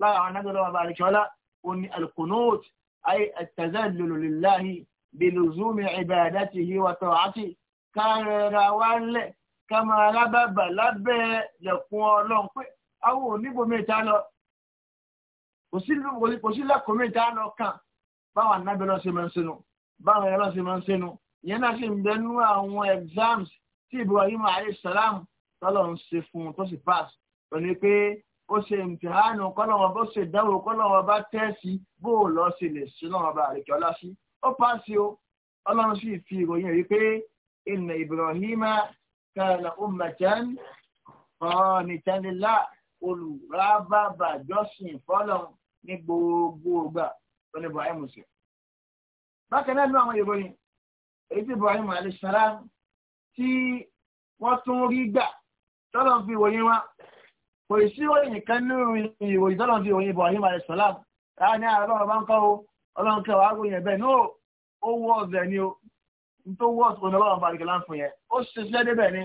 lára àwọn anágbèrè ọba àríkọ́lá òní alkunut ayé at-tazallulu lillahi biluzumi ibadatihi wa ta'atihi kárẹ̀ra kò sí kò sí lẹ́kọ̀ọ́ méjì á lọ kàn báwọn anábẹ́ lọ́ọ́ ṣe máa ń ṣe nu báwọn ẹ̀rọ ṣe máa ń ṣe nu ìyẹn náà sì ń bẹ nú àwọn exams tí Ibrahim alayhi salam tọ́lọ̀ ń ṣe fún un tó sì pass pẹ̀lú pé ó ṣe ìmùtìhánù kọ́lọ́wọ́ bó ṣe ìdánwò kọ́lọ́wọ́ bá tẹ́ẹ̀sì bó o lọ ṣe lè ṣe náà bá àrèkẹ́ ọlá sí ó pass o ọlọ́run sì fi ìròyìn rí pé inna Ibrahima kana ummatan qanitan lillah olùrábàbàjọ́sìn fọ́lọ́run ní gbogbo ògbà tó ní Ibrahim ṣe. bákan náà nínú àwọn ìròyìn èyí tí Ibrahim alayhi salam tí wọ́n tún rí gbà tọ́lọ̀ fi ìròyìn wa kò sí ìròyìn kan nínú ìròyìn tọ́lọ̀ fi ìròyìn Ibrahim alayhi salam láàrin ní àárọ̀ ọ̀rọ̀ bá ń kọ́ o ọlọ́run kẹwàá ròyìn ẹ̀bẹ̀ ní ó wọ́ ọ̀zẹ̀ ni o tó wọ́ ọ̀sùn ọlọ́run bá rìkì láǹfọ̀ yẹn ó ṣiṣẹ́ débẹ̀ ni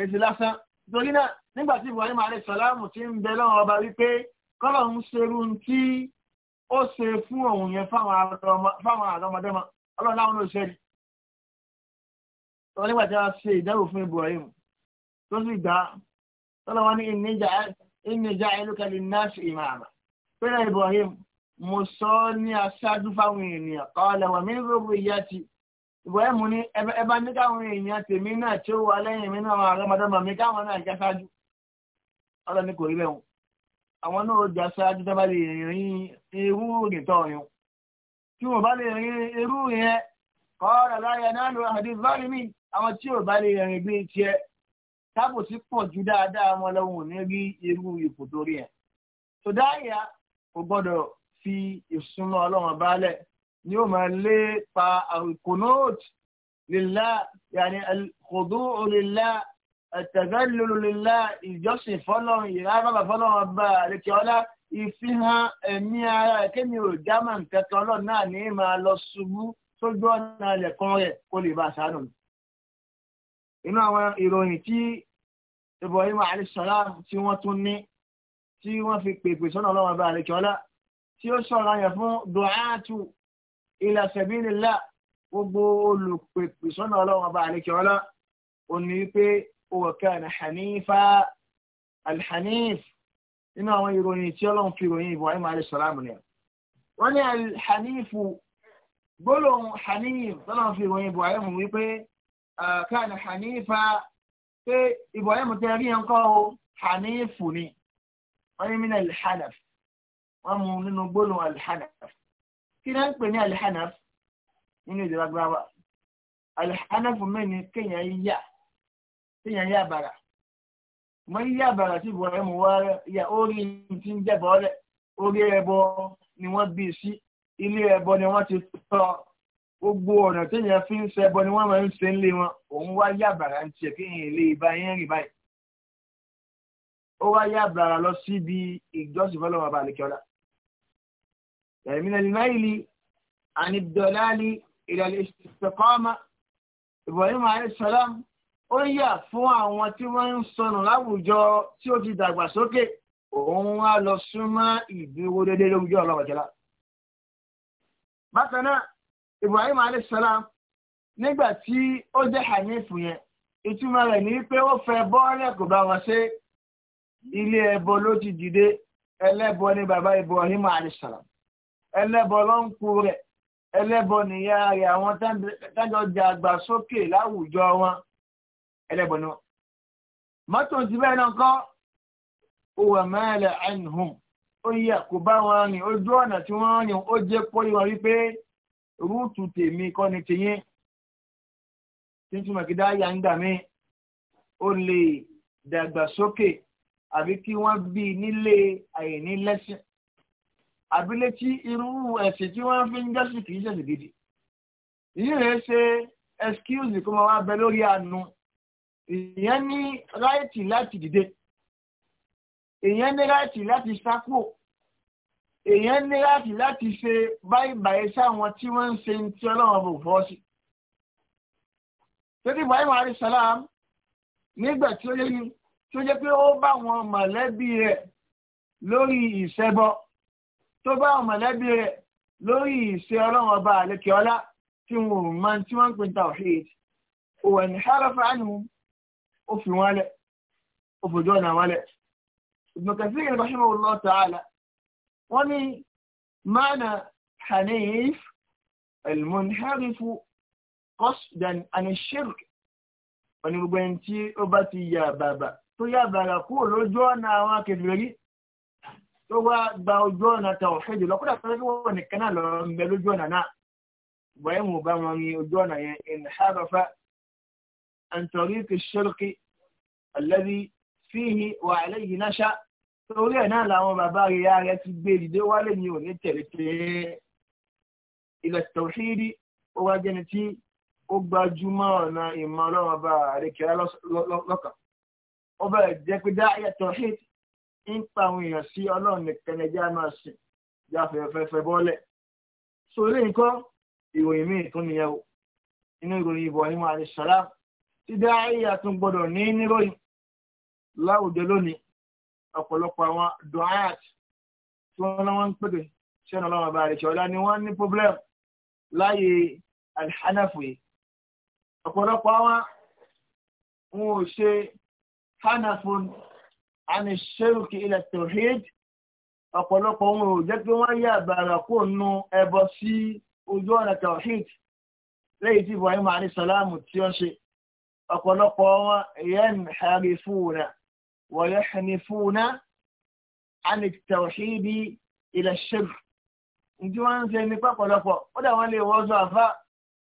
èsì lásán torí náà nígbà tí Ibrahim alayhi salam ti ń bẹ lọ́wọ́ ọba wípé kọ́lọ̀ ń ṣerú tí ó ṣe fún òun yẹn fáwọn àrọmọdọ́mọ ọlọ́run láwọn náà ṣẹ́ni. tọ́lá nígbà tí wọ́n ṣe ìdánwò fún Ibrahim tó sì dá tọ́lá wọn ní ìníjà ẹlòkàlì náàṣì ìmàmà pẹ̀lẹ́ Ibrahim mo sọ ọ́ ní aṣáájú fáwọn ènìyàn kọ́lẹ̀ wọ̀n mi ń rògbò ìyá ti Ibrahim ní ẹ bá ní káwọn èèyàn tèmi náà tí ó wà lẹ́yìn mi náà àrọmọdọ́mọ mi káwọn náà àwọn náà ó jásá jíjá bá lè rìn irú òrìn tọ̀yún tí wọ́n bá lè rìn irú yẹn kọ́ọ̀rọ̀ láyé náà ló àdé zálímì àwọn tí ò bá lè rìn gbé tiẹ̀ tábò sí pọ̀ ju dáadáa wọn lọ́wọ́ ní rí irú ipò torí ẹ̀ tó dáyà kò gbọ́dọ̀ fi ìsúná ọlọ́run bálẹ̀ ni ó máa lé pa àrùkò náà lè lá yàní kòdó ò ẹ̀tẹ̀gẹ́lúlu lillah ìjọsìn fọlọ́run ìrábàbà fọlọ́run ọba àlekẹ́ọ́lá ìfihàn ẹ̀mí ara kémi ò jámà nkẹ́kẹ́ ọlọ́run náà ní máa lọ ṣubú sójú ọ̀nà ẹ̀kọ́ rẹ̀ kó lè bá a sánú. inú àwọn ìròyìn tí Ibrahim alayisala tí wọ́n tún ní tí wọ́n fi pèpè sọ́nà ọlọ́run ọba àlekẹ́ọ́lá tí ó sọ̀rọ̀ yẹn fún du'atu ila gbogbo olùpèpè sọ́nà ọlọ́run ọba àlekẹ́ọ́lá òní pé وكان حنيفا الحنيف إنه هو يروني تيالون في روني إبراهيم عليه السلام نيا وني الحنيف بلون حنيف تيالون في روني إبراهيم ويبي آه كان حنيفا في إبراهيم تيالين ينقاه حنيفني وني من الحنف ومن منه بلون الحنف كنا نقول الحنف nínú ìdílágbára alìhánàfù mẹ́ni kéèyàn yíyà téèyàn yá àbàrà mọ yíyá àbàrà sí ìbọn ẹmu wá yà orí ti ń jẹbọ rẹ orí ẹbọ ni wọ́n bí sí ilé ẹbọ ni wọ́n ti tọ́ gbogbo ọ̀nà téèyàn fi ń ṣẹbọ ni wọ́n máa ń ṣe ńlé wọn òun wá yá àbàrà ń tiẹ̀ kéèyàn lè ba yẹn rìn báyìí ó wá yá àbàrà lọ síbi ìjọsìn fọlọ́wọ́ abalẹ̀kẹ́ọ́lá ẹ̀mí náà ní náà ní àníbdọ̀lá ní ìdàlẹ́ ìsìnkọ́mà Ibrahim alayhi salam ó yà fún àwọn tí wọ́n ń sọnù láwùjọ tí ó ti dàgbà sókè òun wá lọ súnmọ́ ìdúró déédéé lójújọ́ ọlọ́wọ́jọ́lá. bákan náà Ibrahim alayhis salaam nígbà tí ó jẹ́ hanif yẹn ìtumọ̀ rẹ̀ ní pé ó fẹ́ bọ́ọ̀lẹ̀ kò bá wọn ṣe ilé ẹbọ ló ti dìde ẹlẹ́bọ ni bàbá Ibrahim alayhis ẹlẹ́bọ ló ń kú rẹ̀ ẹlẹ́bọ nìyá rẹ̀ àwọn tájọ jẹ àgbà sókè láwùjọ wọn ẹlẹ́bọ̀n ni wọ́n. mọ́tò ti bẹ́ẹ̀ náà kọ́ òwò mẹ́lẹ̀ ẹnìhùn ó yẹ kó bá wọn rìn ojú ọ̀nà tí wọ́n rìn ó jẹ́ pé wọn rí pé rúùtù tèmi kọ́ ni tiyín tí túmọ̀ kí dáyà ń gbà mí ó lè dàgbàsókè àbí kí wọ́n bí nílé àìní lẹ́sìn àbílẹ̀ tí irú ẹ̀sìn tí wọ́n fi ń jọ́sìn kì í ṣẹ̀sìn rẹ̀ ṣe excuse kó máa wá bẹ lórí àánú èèyàn ní ráìtì láti dìde èèyàn ní ráìtì láti sápò èèyàn ní ráìtì láti ṣe báyìí sáwọn tí wọ́n ń ṣe ti ọlọ́run bò fọ́ sí. Sẹ́dí Ibrahim Arísàlám nígbà tí ó yé ni tó jẹ́ pé ó bá wọn mọ̀lẹ́bí rẹ̀ lórí ìṣẹ́bọ tó bá wọn mọ̀lẹ́bí rẹ̀ lórí ìṣe ọlọ́run ọba àlékè tí wọn ò mọ tí wọ́n ń pè ní tawhid òwò ní harafa anhum ó fi wọn lẹ̀ ó fojú ọ̀nà wọn lẹ̀. Ibn Kathir rahimahullah ta'ala wọ́n ní mánà hanif almunharifu qasdan an shirk wọ́n ní gbogbo ẹni tí ó bá ti yà bàbà tó yà bàbà kúrò lójú ọ̀nà àwọn kèfèrí tó wá gba ojú ọ̀nà tawhid lọ́kọ́dà tó lọ́wọ́ wọn عن طريق الشرق الذي فيه وعليه نشأ torí ẹ̀ náà làwọn bàbá rẹ̀ ya rẹ̀ ti gbé ìdílé wálé ní òní tẹ̀lé pé ilẹ̀ tọ̀hídì ó wá jẹ́ni tí ó gbajúmọ̀ ọ̀nà ìmọ̀ ọlọ́run bá rẹ̀ kíra lọ́kàn. ó bẹ̀rẹ̀ jẹ́ pé dáhìá tọ̀hídì ń pa àwọn èèyàn sí ọlọ́run nìkan ẹja máa sìn já fẹ́fẹ́fẹ́ bọ́lẹ̀. sórí nǹkan ìròyìn míì tún nìyẹn o inú ìròyìn Ibrahim alayhi salam tí dáhìyà tún gbọdọ̀ ní níròyìn láwùjọ lónìí ọ̀pọ̀lọpọ̀ àwọn duhat tí wọ́n náà wọ́n ń pèdè sẹ́nu ọlọ́run ọba àrẹ̀ṣẹ́ ọ̀la ni wọ́n ní problem láyé alhanafu yìí ọ̀pọ̀lọpọ̀ àwọn wọn ò ṣe hanafun àni ṣerùkì ila tawhid ọ̀pọ̀lọpọ̀ wọn ò jẹ́ pé wọ́n yà bàrà kó nu ẹbọ sí ojú ọ̀nà tawhid lẹ́yìn tí ibrahim alayhi salamu tí wọ́n ṣe ọ̀pọ̀lọpọ̀ wọn yanharifuna wa yahnifuna an at-tawhidi ila ash-shirk ǹjẹ́ wọ́n ń ṣe ní pọ̀pọ̀lọpọ̀ ó dà wọ́n lè wọ́n àfá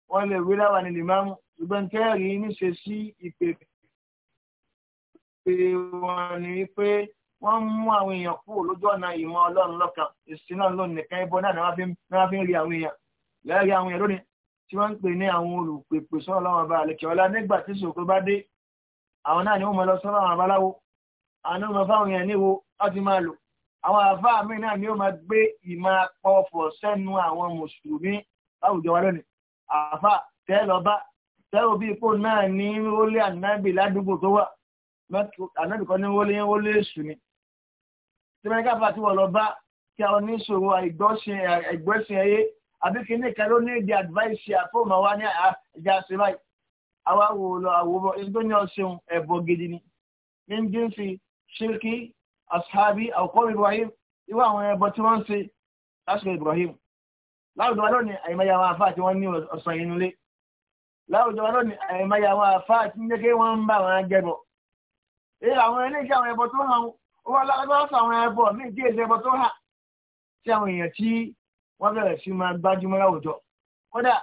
wọ́n lè wí láwà ní lìmáàmù ṣùgbọ́n kẹ́rì níṣe sí ìpè pé wọ́n ní pé wọ́n mú àwọn èèyàn kúrò lójú ọ̀nà ìmọ̀ ọlọ́run lọ́kàn ìsìn náà nìkan ẹbọ náà ni wọ́n fi ń rí àwọn èèyàn lẹ́yìn àwọn èèyàn lónìí tí wọ́n ń pè ní àwọn olùpèpè sọ́rọ̀ láwọn ọba àlẹ́kẹ̀ ọlá nígbà tí sòkó bá dé àwọn náà ni wọ́n mọ lọ sọ́rọ̀ àwọn abaláwo àwọn náà mọ fáwọn èèyàn níwo láti máa lò àwọn àfáà míì náà ni ó máa gbé ìmọ̀ ọ̀fọ̀ sẹ́nu àwọn mùsùlùmí láwùjọ wa lónìí àfáà tẹ́ lọ bá tẹ́ òbí ipò náà ní wọlé ànábì ládùúgbò tó wà ànábì ní wọlé wọlé èṣù ni tí mẹ́ríkà fà tí wọ́n lọ bá kí àwọn oníṣòro àìgbọ́sìn ẹ̀yẹ àbí kìíní kan ló ní ìdí advice ṣe àfọ́ọ̀mọ́ wa ní àjà ah, ṣe báyìí àwa wò lọ àwòbọ̀ ẹni tó ní ọ̀ṣun ẹ̀bọ̀ gidi ni ní ń dín sí ṣílkì asahabi àwòkọ́ Ibrahim irú àwọn ẹbọ tí wọ́n ń ṣe lásìkò Ibrahim láwùjọ wa lónìí àyèmáyà àwọn afá tí wọ́n ní ọ̀sán yìí nulẹ̀ láwùjọ wa lónìí àyèmáyà àwọn afá tí ń jẹ́kẹ́ wọ́n ń bá àwọn ajẹ́bọ̀ èyí àwọn eléyìí àwọn ẹbọ tó hàn wọ́n lágbára àwọn ẹbọ míì tí èsì ẹbọ tó hàn tí àwọn èèyàn tí wọ́n bẹ̀rẹ̀ sí máa gbájúmọ́ láwùjọ kódà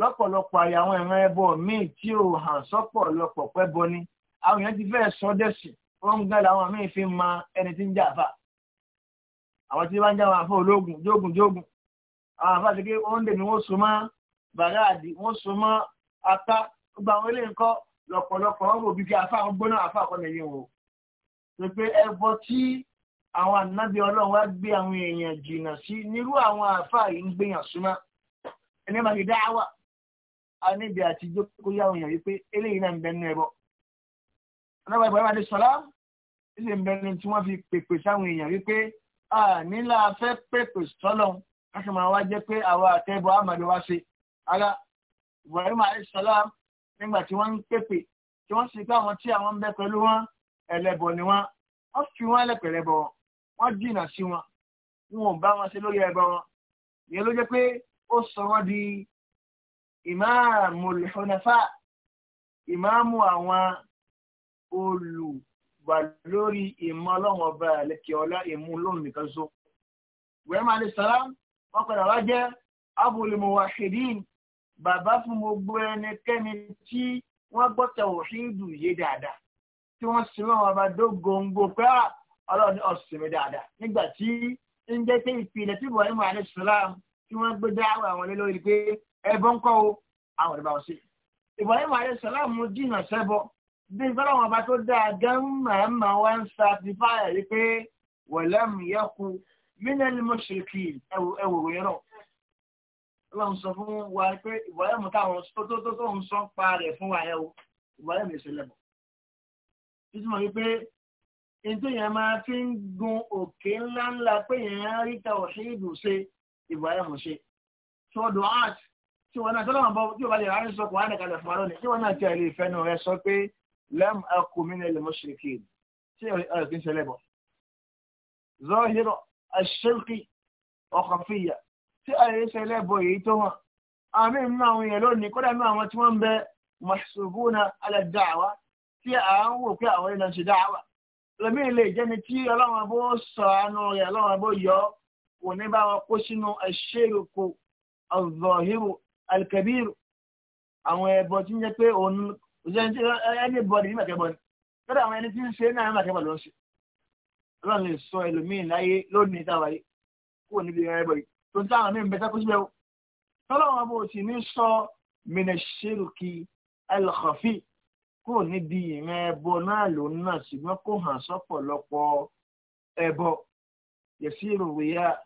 lọ́pọ̀lọpọ̀ àyà àwọn ẹ̀ràn ẹbọ míì tí ò hàn sọ́pọ̀ lọ́pọ̀ pẹ́ bọ ni àwọn èèyàn ti fẹ́ sọ dẹ̀sìn wọ́n ń gbà láwọn míì fi ma ẹni tí ń jà fà àwọn tí bá ń jà wọn àfọ ológun jógun jógun àwọn àfà ti ké wọ́n dè ní wọ́n so mọ́ bàgáàdì wọ́n so mọ́ apá gbogbo àwọn ilé nǹkan lọ́pọ̀lọpọ̀ wọn rò bí kí afá gbóná afá àwọn ànábì ọlọ́run wá gbé àwọn èèyàn jìnnà sí nírú àwọn àáfàá yìí ń gbéyàn súnmọ́ ẹni máa fi dá wà á níbi àtijọ́ kó yá àwọn èèyàn yìí pé eléyìí náà ń bẹ nínú ẹbọ. anábà ìbára ti sọ̀rọ̀ ilé ń bẹ ní tí wọ́n fi pèpè sáwọn èèyàn wípé a nílà fẹ́ pèpè sọ́lọ̀ láti máa wá jẹ́ pé àwa àtẹ́bọ̀ àmàlò wá ṣe ara Ibrahim alayhisalaam nígbà tí wọ́n ń pèpè tí wọ́n sì pé wọ́n jìnnà sí wọn wọn ò bá wọn ṣe lórí ẹbọ wọn ìyẹn ló jẹ́ pé ó sọ wọ́n di ìmáàmù lùfọ́nẹ́fà ìmáàmù àwọn olùgbà lórí ìmọ̀ ọlọ́run ọba ẹ̀lẹ́kẹ̀ ọlá ìmú lóhùn nìkan so. wẹ́ẹ́mà alẹ́ sàlám wọ́n padà wá jẹ́ abul muwahhidin bàbá fún gbogbo ẹnikẹ́ni tí wọ́n gbọ́ tẹ̀wọ̀ yé dáadáa tí wọ́n sì lọ́wọ́ ọba dógóńgó pé ah, ọlọ́run ní ọ̀sùn mi dáadáa nígbà tí ń jẹ́ pé ìpìlẹ̀ tí Ibrahim alayhi salam tí wọ́n gbé dáhùn àwọn olólórí pé ẹbọ ń kọ́ o àwọn ìbáwọ̀ sí. Ibrahim alayhi salam jìnnà sẹ́bọ̀ bí ìfẹ́ àwọn ọba tó dáa gan màmá wa ń certify rí pé walam yaku minal mushrikin ẹ̀wò rẹ̀ náà. ọlọ́run sọ fún wa pé Ibrahim táwọn tó tó ń sọ pa rẹ̀ fún wa yẹn o Ibrahim ìṣẹ̀lẹ̀ bọ̀. títí mọ̀ wípé ètò yẹn máa fi ń gun òkè ńláńlá pé yẹn á rí ta ọ̀sẹ̀ ìdùn ṣe Ibrahim ṣe tó dùn áàtì tí wọn náà tó lọ́wọ́ bọ́ tí o bá lè rárín sọ kò wáyé kalẹ̀ fún arọ́ni tí wọn náà ti àìlè ìfẹ́ náà rẹ sọ pé lẹ́m ẹkùn mi nílẹ̀ mọ́ ṣèké tí ọ̀rẹ́ fi ń ṣẹlẹ̀ bọ̀. zọ́hírò àṣẹ́kì ọkàn fìyà tí ọ̀rẹ́ ṣẹlẹ̀ bọ̀ èyí tó hàn àmì nínú àwọn èèyàn lónìí lómi lè jẹ́ni tí ọlọ́run abó sàánú rẹ̀ ọlọ́run abó yọ kò ní bá wọn kó sínú ẹ̀ṣẹ́rìkò ọ̀zọ̀hírù alkabiru àwọn ẹ̀bọ tí ń jẹ́ pé òun ẹni bọ́dì ní màkẹ́bọ̀ ni lọ́dọ̀ àwọn ẹni tí ń ṣe náà màkẹ́bọ̀ ló ń ṣe ọlọ́run lè sọ ẹlòmíì láyé lónìí táwa yìí kúrò níbi ẹ̀rẹ́ bọ̀ yìí tó ń táwọn míì bẹ́tẹ́ kó síbẹ̀ o tọ́lọ́run abó ti ní sọ mìnà ṣèrùkì alkhafi kúrò níbi ìran ẹbọ náà lòun náà ṣùgbọ́n kò hàn sọ́pọ̀lọpọ̀ ẹbọ yẹ̀sí ìròyìn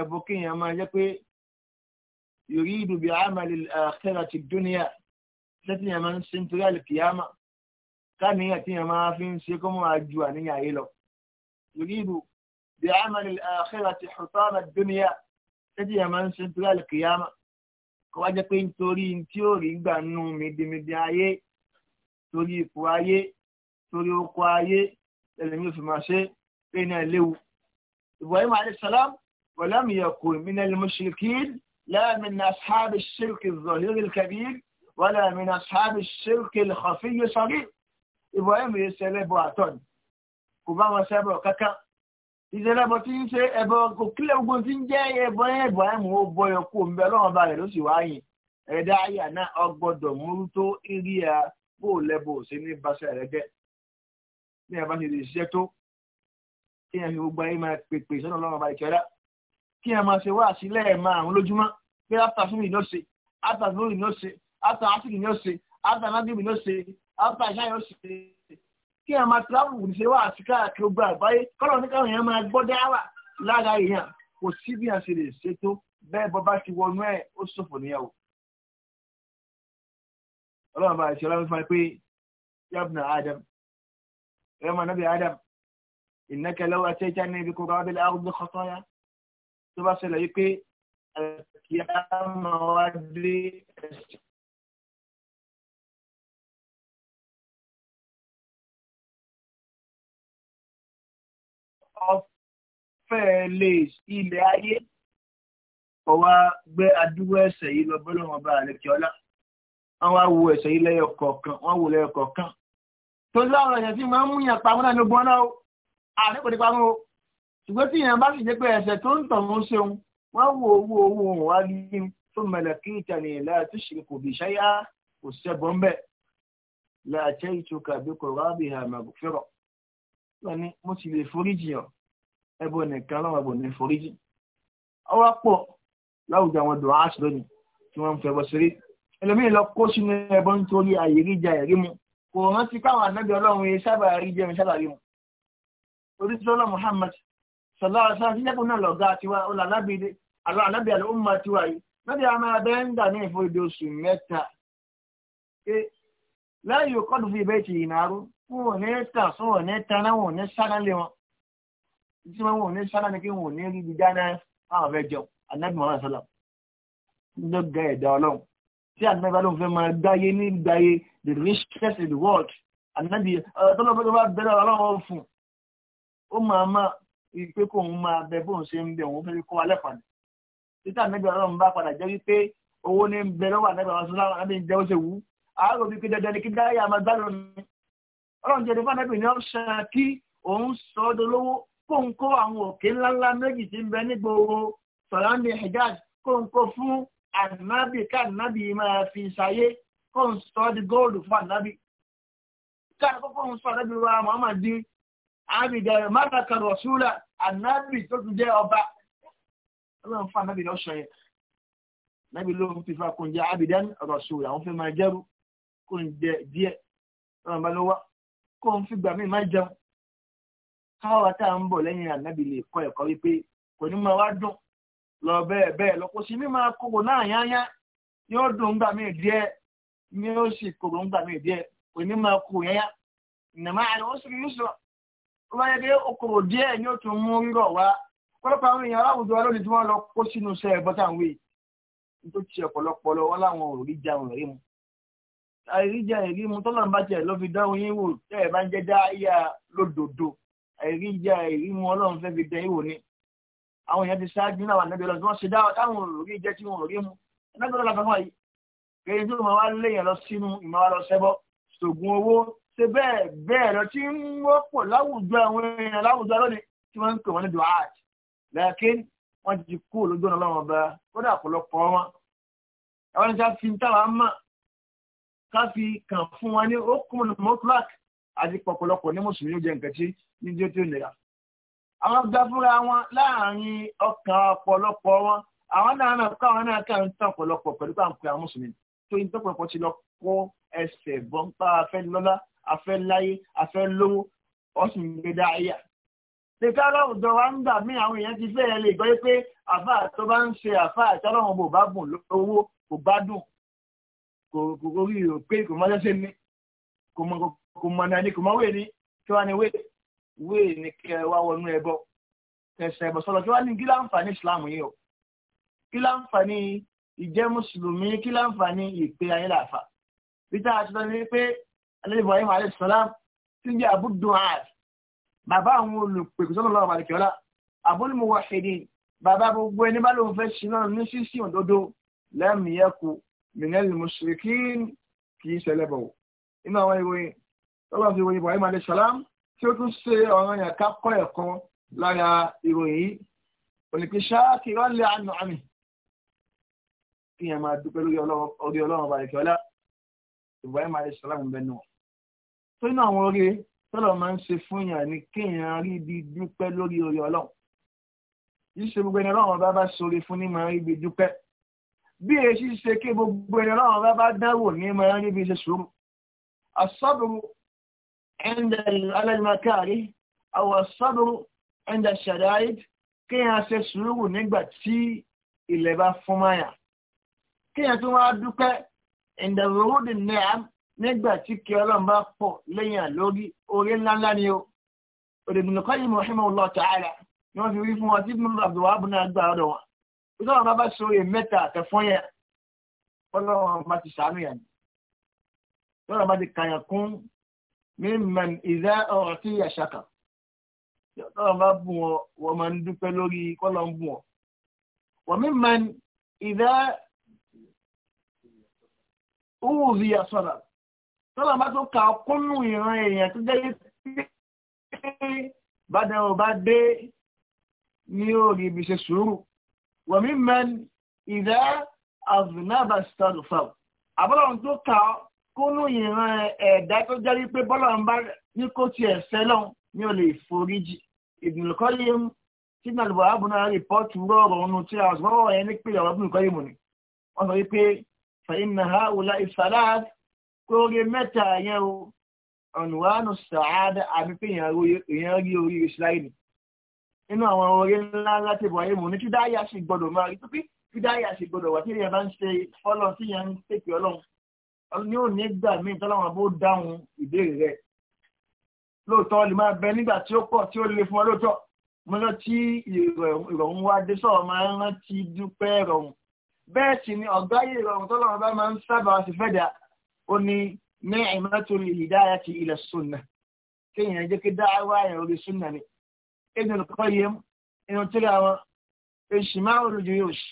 ẹbọ kéèyàn máa jẹ́ pé yuridu bi amali al-akhirati ad-dunya tẹ́tí yẹn máa ń ṣe nítorí àlùkìyàmà káníyàn tí yẹn máa fi ń ṣe kó máa ju àníyàn yìí lọ. yuridu bi amali al-akhirati hutama ad-dunya tẹ́tí máa ń ṣe nítorí àlùkìyàmà kó pé nítorí tí ó rí gbà nù mídìmídì ayé torí ipò ayé torí oko ayé ẹlẹ́mi ò fi máa ṣe pé náà léwu. Ibrahim alayhisalaam walam yakun minal mushrikin la min ashab ash-shirk adh-dhahir al-kabir wala min ashab ash-shirk al-khafi as-saghir. Ibrahim yìí ṣẹlẹ̀ bọ̀ àtọ̀n kò bá wọn ṣẹbọ̀ kankan. Ìṣẹ̀lẹ̀ bọ̀ tí ń ṣe ẹbọ kò kílẹ̀ gbogbo tí ń jẹ́ ẹbọ yẹn Ibrahim ó bọyọ̀ kó ń bẹ lọ́wọ́ bá rẹ̀ ló sì wáyìn. Ẹ̀dá ayà náà ọgbọ́dọ̀ múrú tó ìrìyà bó o lẹ́bọ̀ ò sí ní baṣẹ́ rẹ jẹ́ ní ẹ̀ bá ṣe lè ṣiṣẹ́ tó kí ẹ̀ fi gbogbo ayé máa pèpè sọ́nà ọlọ́run ọba ìkẹ́rẹ́ kí ẹ̀ máa ṣe wá àṣìlẹ̀ ẹ̀ máa àwọn lójúmọ́ pé áfà súnmì ní ọ̀sẹ̀ áfà lórí ní ọ̀sẹ̀ áfà áfíìkì ní ọ̀sẹ̀ áfà nábìbì ní ọ̀sẹ̀ áfà ìṣá ní ọ̀sẹ̀ kí ẹ̀ máa travel ní ṣe wá àṣìká àti ogbà àgbáyé kọ́lọ̀ ní káwọn èèyàn máa gbọ́ dáwà lára èèyàn kò sí bí àṣìlè ṣètò bẹ́ẹ̀ bọ́ bá ti wọnú ẹ̀ ó ṣòfò níyàwó ọlọ́run bá ṣe ọlọ́run fún wa pé yabna adam ẹ̀rọ nabi adam innaka law ataytani bi qurabil ardi khataya tó bá ṣẹlẹ̀ yìí pé àkíyàmọ̀ wá dé ẹ̀sìn ọ̀fẹ́ lè ilẹ̀ ayé ọ̀wá gbé adúgbò ẹ̀sẹ̀ yìí lọ bọ́lọ́wọ́n bá wọ́n wá wo ẹ̀ṣẹ̀ yìí lẹ́yọ kọ̀ọ̀kan wọ́n wò lẹ́yọ kọ̀ọ̀kan tó láwọn ẹ̀ṣẹ̀ tí máa ń múyàn pamọ́ náà ló gbọ́n náà àdékò ní pamọ́ o ṣùgbọ́n tí ìyẹn bá sì jẹ́ pé ẹ̀ṣẹ̀ tó ń tàn ń ṣeun wọ́n wo owó owó wọn wá rí i fún mẹlẹkì ìtàní láti ṣe kò bí ṣáyá kò ṣẹ́gun bẹ́ẹ̀ láti ìtúkà bí kò rá bí àmà fẹ́rọ̀ lọ́ni mo sì lè foríjì ọ̀ ẹbọ nìkan lọ́wọ́ ẹbọ ní foríjì ọwọ́ pọ̀ láwùjọ àwọn dùn áṣ ẹlòmíì lọ kó sínú ẹbọ nítorí àyèríjà ẹ̀rí mu kò rántí káwọn ànábì ọlọ́run yẹn sábà rí jẹun sábà rí mu orí tí lọ́lá Muhammad sọlá ọ̀sá nílẹ̀kùn náà lọ̀gá tiwa ọlọ́ ànábì àlọ́ ọmọ tiwa yìí lọ́dẹ̀ àmọ́ abẹ́ ń dà ní ìfọ̀dé oṣù mẹ́ta láyé òkọ́dù fi ìbẹ́ ti ìnàrú wọn ò ní tà fún wọn ní taná wọn ò sáná lé wọn tí wọn ò sáná ni kí wọn ò rí ibi dáná àwọn ọ̀rẹ́ jẹun ànábì mọ́ra tí ànábì ló ń fẹ́ máa gbáyé ní gbáyé the richest in the world ànábì tọ́lọ́fẹ́ bá bẹ̀rẹ̀ ọlọ́wọ́ fún ó máa má pé kóun máa bẹ bóun ṣe ń bẹ òun fẹ́ kó alẹ́ padà títà ànábì ọlọ́run bá padà jẹ́ wípé owó ní bẹ lọ́wọ́ ànábì àwọn sọ́lá ànábì jẹ́ ó ṣe wú àárò bíi kéde ọjọ́ ni kí dáyà máa gbá lónìí ọlọ́run jẹ́ nípa ànábì ni ó ṣan kí òun sọ ọ́ dolówó kóun kó àwọn òkè ńláńlá méjì tí ń bẹ ní sọ̀rọ̀ ní Hijaz kóun kó fún ànábì káànábì máa fi ṣayé kó sọ di góòlù fún ànábì ka ń sọ ànábì wa Muhammad di àbìdá mátàkà rọ̀ṣúlà ànábì tó ti jẹ́ ọba ọlọ́run fún ànábì lọ́sọ̀ yẹn ànábì ló ń fi fa kò ń jẹ́ àbìdá rọ̀ṣúlà òun máa jẹ́rú kò jẹ díẹ̀ ọlọ́run bá ló wá fi gbà máa jẹun káwọn tá à ń lọ bẹ́ẹ̀ bẹ́ẹ̀ lọ kò sí ní máa kóró náà ni yóò dùn gbà mí díẹ̀ yóò sì kóró gbà mí díẹ̀ kò ní máa kóró yányá ìnàmá àrẹ wọn sì sọ ó bá yẹ pé okòrò díẹ̀ yóò tún mú rírọ̀ wá àwọn èèyàn aláwùjọ lónìí tí lọ kó sínú iṣẹ́ ẹ̀bọ́n táwọn wéyìí nítorí ti ọ̀pọ̀lọpọ̀ lọ wọ́n láwọn ò rí ja rí mu àìríjà mu tọ́lá ń bá tiẹ̀ lọ́ fi dáhùn wò tẹ́ mu ọlọ́run fi àwọn èèyàn ti ṣáájú náà wà níbi ọlọ́sùn wọn ṣe dáwọ́ táwọn òròrí jẹ́ tí wọn òròrí mu ẹ̀nàgbọ́dọ̀ làbẹ̀ wọ́n yìí kẹ́yìn tó máa wá léèyàn lọ sínú ìmọ̀ wa lọ sẹ́bọ́ ṣògùn owó ṣe bẹ́ẹ̀ bẹ́ẹ̀ lọ tí ń wọ́pọ̀ láwùjọ àwọn èèyàn láwùjọ lónìí tí wọ́n ń pè wọ́n ní duhaj lẹ́ẹ̀kín wọ́n ti kú olójú ọ̀nà lọ́wọ́ ọba kódà ọ̀pọ̀lọpọ̀ wọn àwọn ẹni tí a fi ń táwa mọ̀ ká fi kàn fún wọn ní ó kún mọ́tòlák àti pọ̀pọ̀lọpọ̀ ní mùsùlùmí ó jẹ nǹkan tí ní jẹ́ tó nira àwọn gbà fúnra wọn láàrin ọkàn ọ̀pọ̀lọpọ̀ wọn àwọn náà náà kọ́ àwọn náà kàn ń tán ọ̀pọ̀lọpọ̀ pẹ̀lú pàǹpẹ́ àwọn mùsùlùmí tó ń tọ́pọ̀lọpọ̀ ti lọ kó ẹsẹ̀ bọ́ńpá afẹ́ lọ́lá afẹ́ láyé afẹ́ lówó ọ̀sìn gbẹdá ayà Ṣèká láwùjọ wa ń gbà mí àwọn èèyàn ti fẹ́ lè gbọ́ pé àfà tó bá ń ṣe àfà àtọ́lọ́wọ́n bò bá gùn lówó kò bá dùn kò rí rò pé kò mọ́ wéè ní kẹ wá wọnú ẹbọ ẹsẹ ẹbọ sọlọ kí wá ní kí láǹfààní islam yìí o kí láǹfààní ìjẹ́ mùsùlùmí kí láǹfààní ìpè ayé làfà peter àtúntò ní pé alẹ́ ibrahim alayhi salam ti ń jẹ́ abudulayi bàbá àwọn olùpèkù sọ́nà lọ́wọ́ àbàlẹ̀kẹ́ọ́lá abúlùmọ̀ wàhídì bàbá gbogbo ẹni bá lóun fẹ́ ṣe náà ní sísí òdodo lẹ́mìíyẹ́kù mìnẹ́lì mùsùlùmí kì í ṣẹlẹ̀ bọ̀. inú àwọn ìròyìn tọ́lá fi ròyìn ibrahim alayhi salam tí ó tún ṣe ọ̀ràn yẹn ká kọ́ ẹ̀kọ́ lára ìròyìn yìí oníkíṣà kí wọ́n lé àánú àmì kí yẹn máa dúpẹ́ lórí ọlọ́run ọba ìkẹ́ọ́lá Ibrahim alayisalaam bẹnu wọn. tó ní àwọn oore tọ́lọ̀ máa ń ṣe fún yàn ni kéèyàn rí ibi dúpẹ́ lórí oore ọlọ́run yìí ṣe gbogbo ẹni ọlọ́run ọba bá ṣoore fún ní máa rí ibi dúpẹ́ bí èyí ṣe ké gbogbo ẹni ọlọ́run ọba bá dáwò ní máa rí ibi ṣe sùúrù asọ́bùrù عند على المكاره أو الصبر عند الشدائد kí a ṣe sùúrù nígbà tí ilẹ̀ bá fún máyà kí a tún wá dúpẹ́ ìdàrúdì náà nígbà tí kí ọlọ́run bá pọ̀ lẹ́yìn àlórí orí ńláńlá ni o òdìbìnrin kọ́ yìí mọ̀ọ́hìmọ̀ Allah ta'ala ni wọ́n fi wí fún wọn tí ibùdó àbúrò wàá bùnà gbà ọ̀dọ̀ wọn ìjọba àwọn bàbá sọ èyí mẹ́ta àtẹ̀fọ́n yẹn ọlọ́run bá ti sàánú yẹn ọlọ́run bá ti kàyàn kún mímọ̀n ìdá ọ̀rọ̀ tí yà ṣàkà tọ́lọ̀ bá bù wọn wọ́n máa ń dúpẹ́ lórí kọ́lọ̀ ń bù wọn. wọ́n mímọ̀n ìdá òwò bí yà sọ̀rọ̀ tọ́lọ̀ bá tó kà kúnnù ìran èèyàn tó jẹ́ bàdà ò bá dé ní òòrì ibi ṣe sùúrù. wọ́n mímọ̀n ìdá àzùnábà sọ̀rọ̀ fáwọn àbúrò tó kà kúnú ìran ẹ̀dá tó jẹ́ wípé bọ́lá ń bá ní kó tiẹ̀ sẹ́lọ̀n ni ò lè foríjì ìgbìmọ̀kọ́lé tí nàlùbọ̀ àbùnà rìpọ́ọ̀tù rọ̀rọ̀ ọ̀nù tí a sọ ọ̀rọ̀ yẹn ní pé ọ̀rọ̀ ìgbìmọ̀kọ́lé mọ̀ ni wọ́n sọ wípé fẹ̀yìnà ha wùlá ìsàlát kóore mẹ́ta yẹn o ọ̀nùwánu sàádà àbí pé èèyàn rí orí ìsìláìlì nínú àwọn orí ńlá láti bọ̀ ayé mọ̀ ní kí sì gbọdọ̀ máa rí pípé kí dáyà sì gbọdọ̀ wà tí èèyàn bá ń ṣe fọ́lọ́ tí èèyàn ń pèpè ọlọ́run ní ò ní gbà míì tọ́láwọn abó dáhùn ìbéèrè rẹ̀ lóòótọ́ lè máa bẹ nígbà tí ó pọ̀ tí ó le fún ọ lóòótọ́ mo lọ tí ìrọ̀rùn wa dé sọ̀rọ̀ máa ń rántí dúpẹ́ ìrọ̀rùn bẹ́ẹ̀ sì ni ọ̀gá ìrọ̀rùn tọ́láwọn bá máa ń sábà sí fẹ́dà ó ní ní ìmọ̀tòrò ìdáyà ti ilẹ̀ sunna kéèyàn jẹ́ kí dáhàwá ẹ̀rọ orí sunna ni ẹni olùkọ́ yẹn inú tí àwọn èsì máa ń rojú yóò ṣe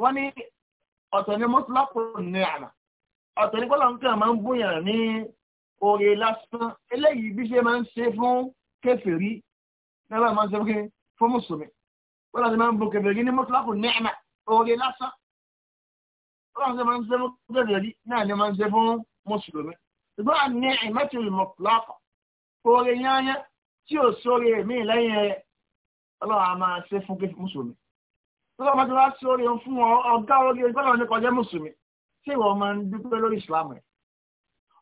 wọ́n ní ọ̀tọ̀ ni mọ́tòlápò ní àná ọ̀tọ̀ ní kọ́lọ̀ nǹkan máa ń búyàn ní oore lásán eléyìí bí ṣe máa ń ṣe fún kèfèrí náà máa ń ṣe fún mùsùlùmí kọ́lọ̀ ti máa ń bu kèfèrí ní mọ́tòlákù nẹ́ẹ̀mà oore lásán kọ́lọ̀ ti máa ń ṣe fún kèfèrí náà ni máa ń ṣe fún mùsùlùmí ṣùgbọ́n àní ìmẹ́tìrì mọ́tòlákù oore yányá tí ò sóore mí lẹ́yìn rẹ̀ ọlọ́run a máa ṣe fún mùsùlùmí. mùsùlùmí tí ìwọ̀n máa ń dúpẹ́ lórí ìsìlámù ẹ̀.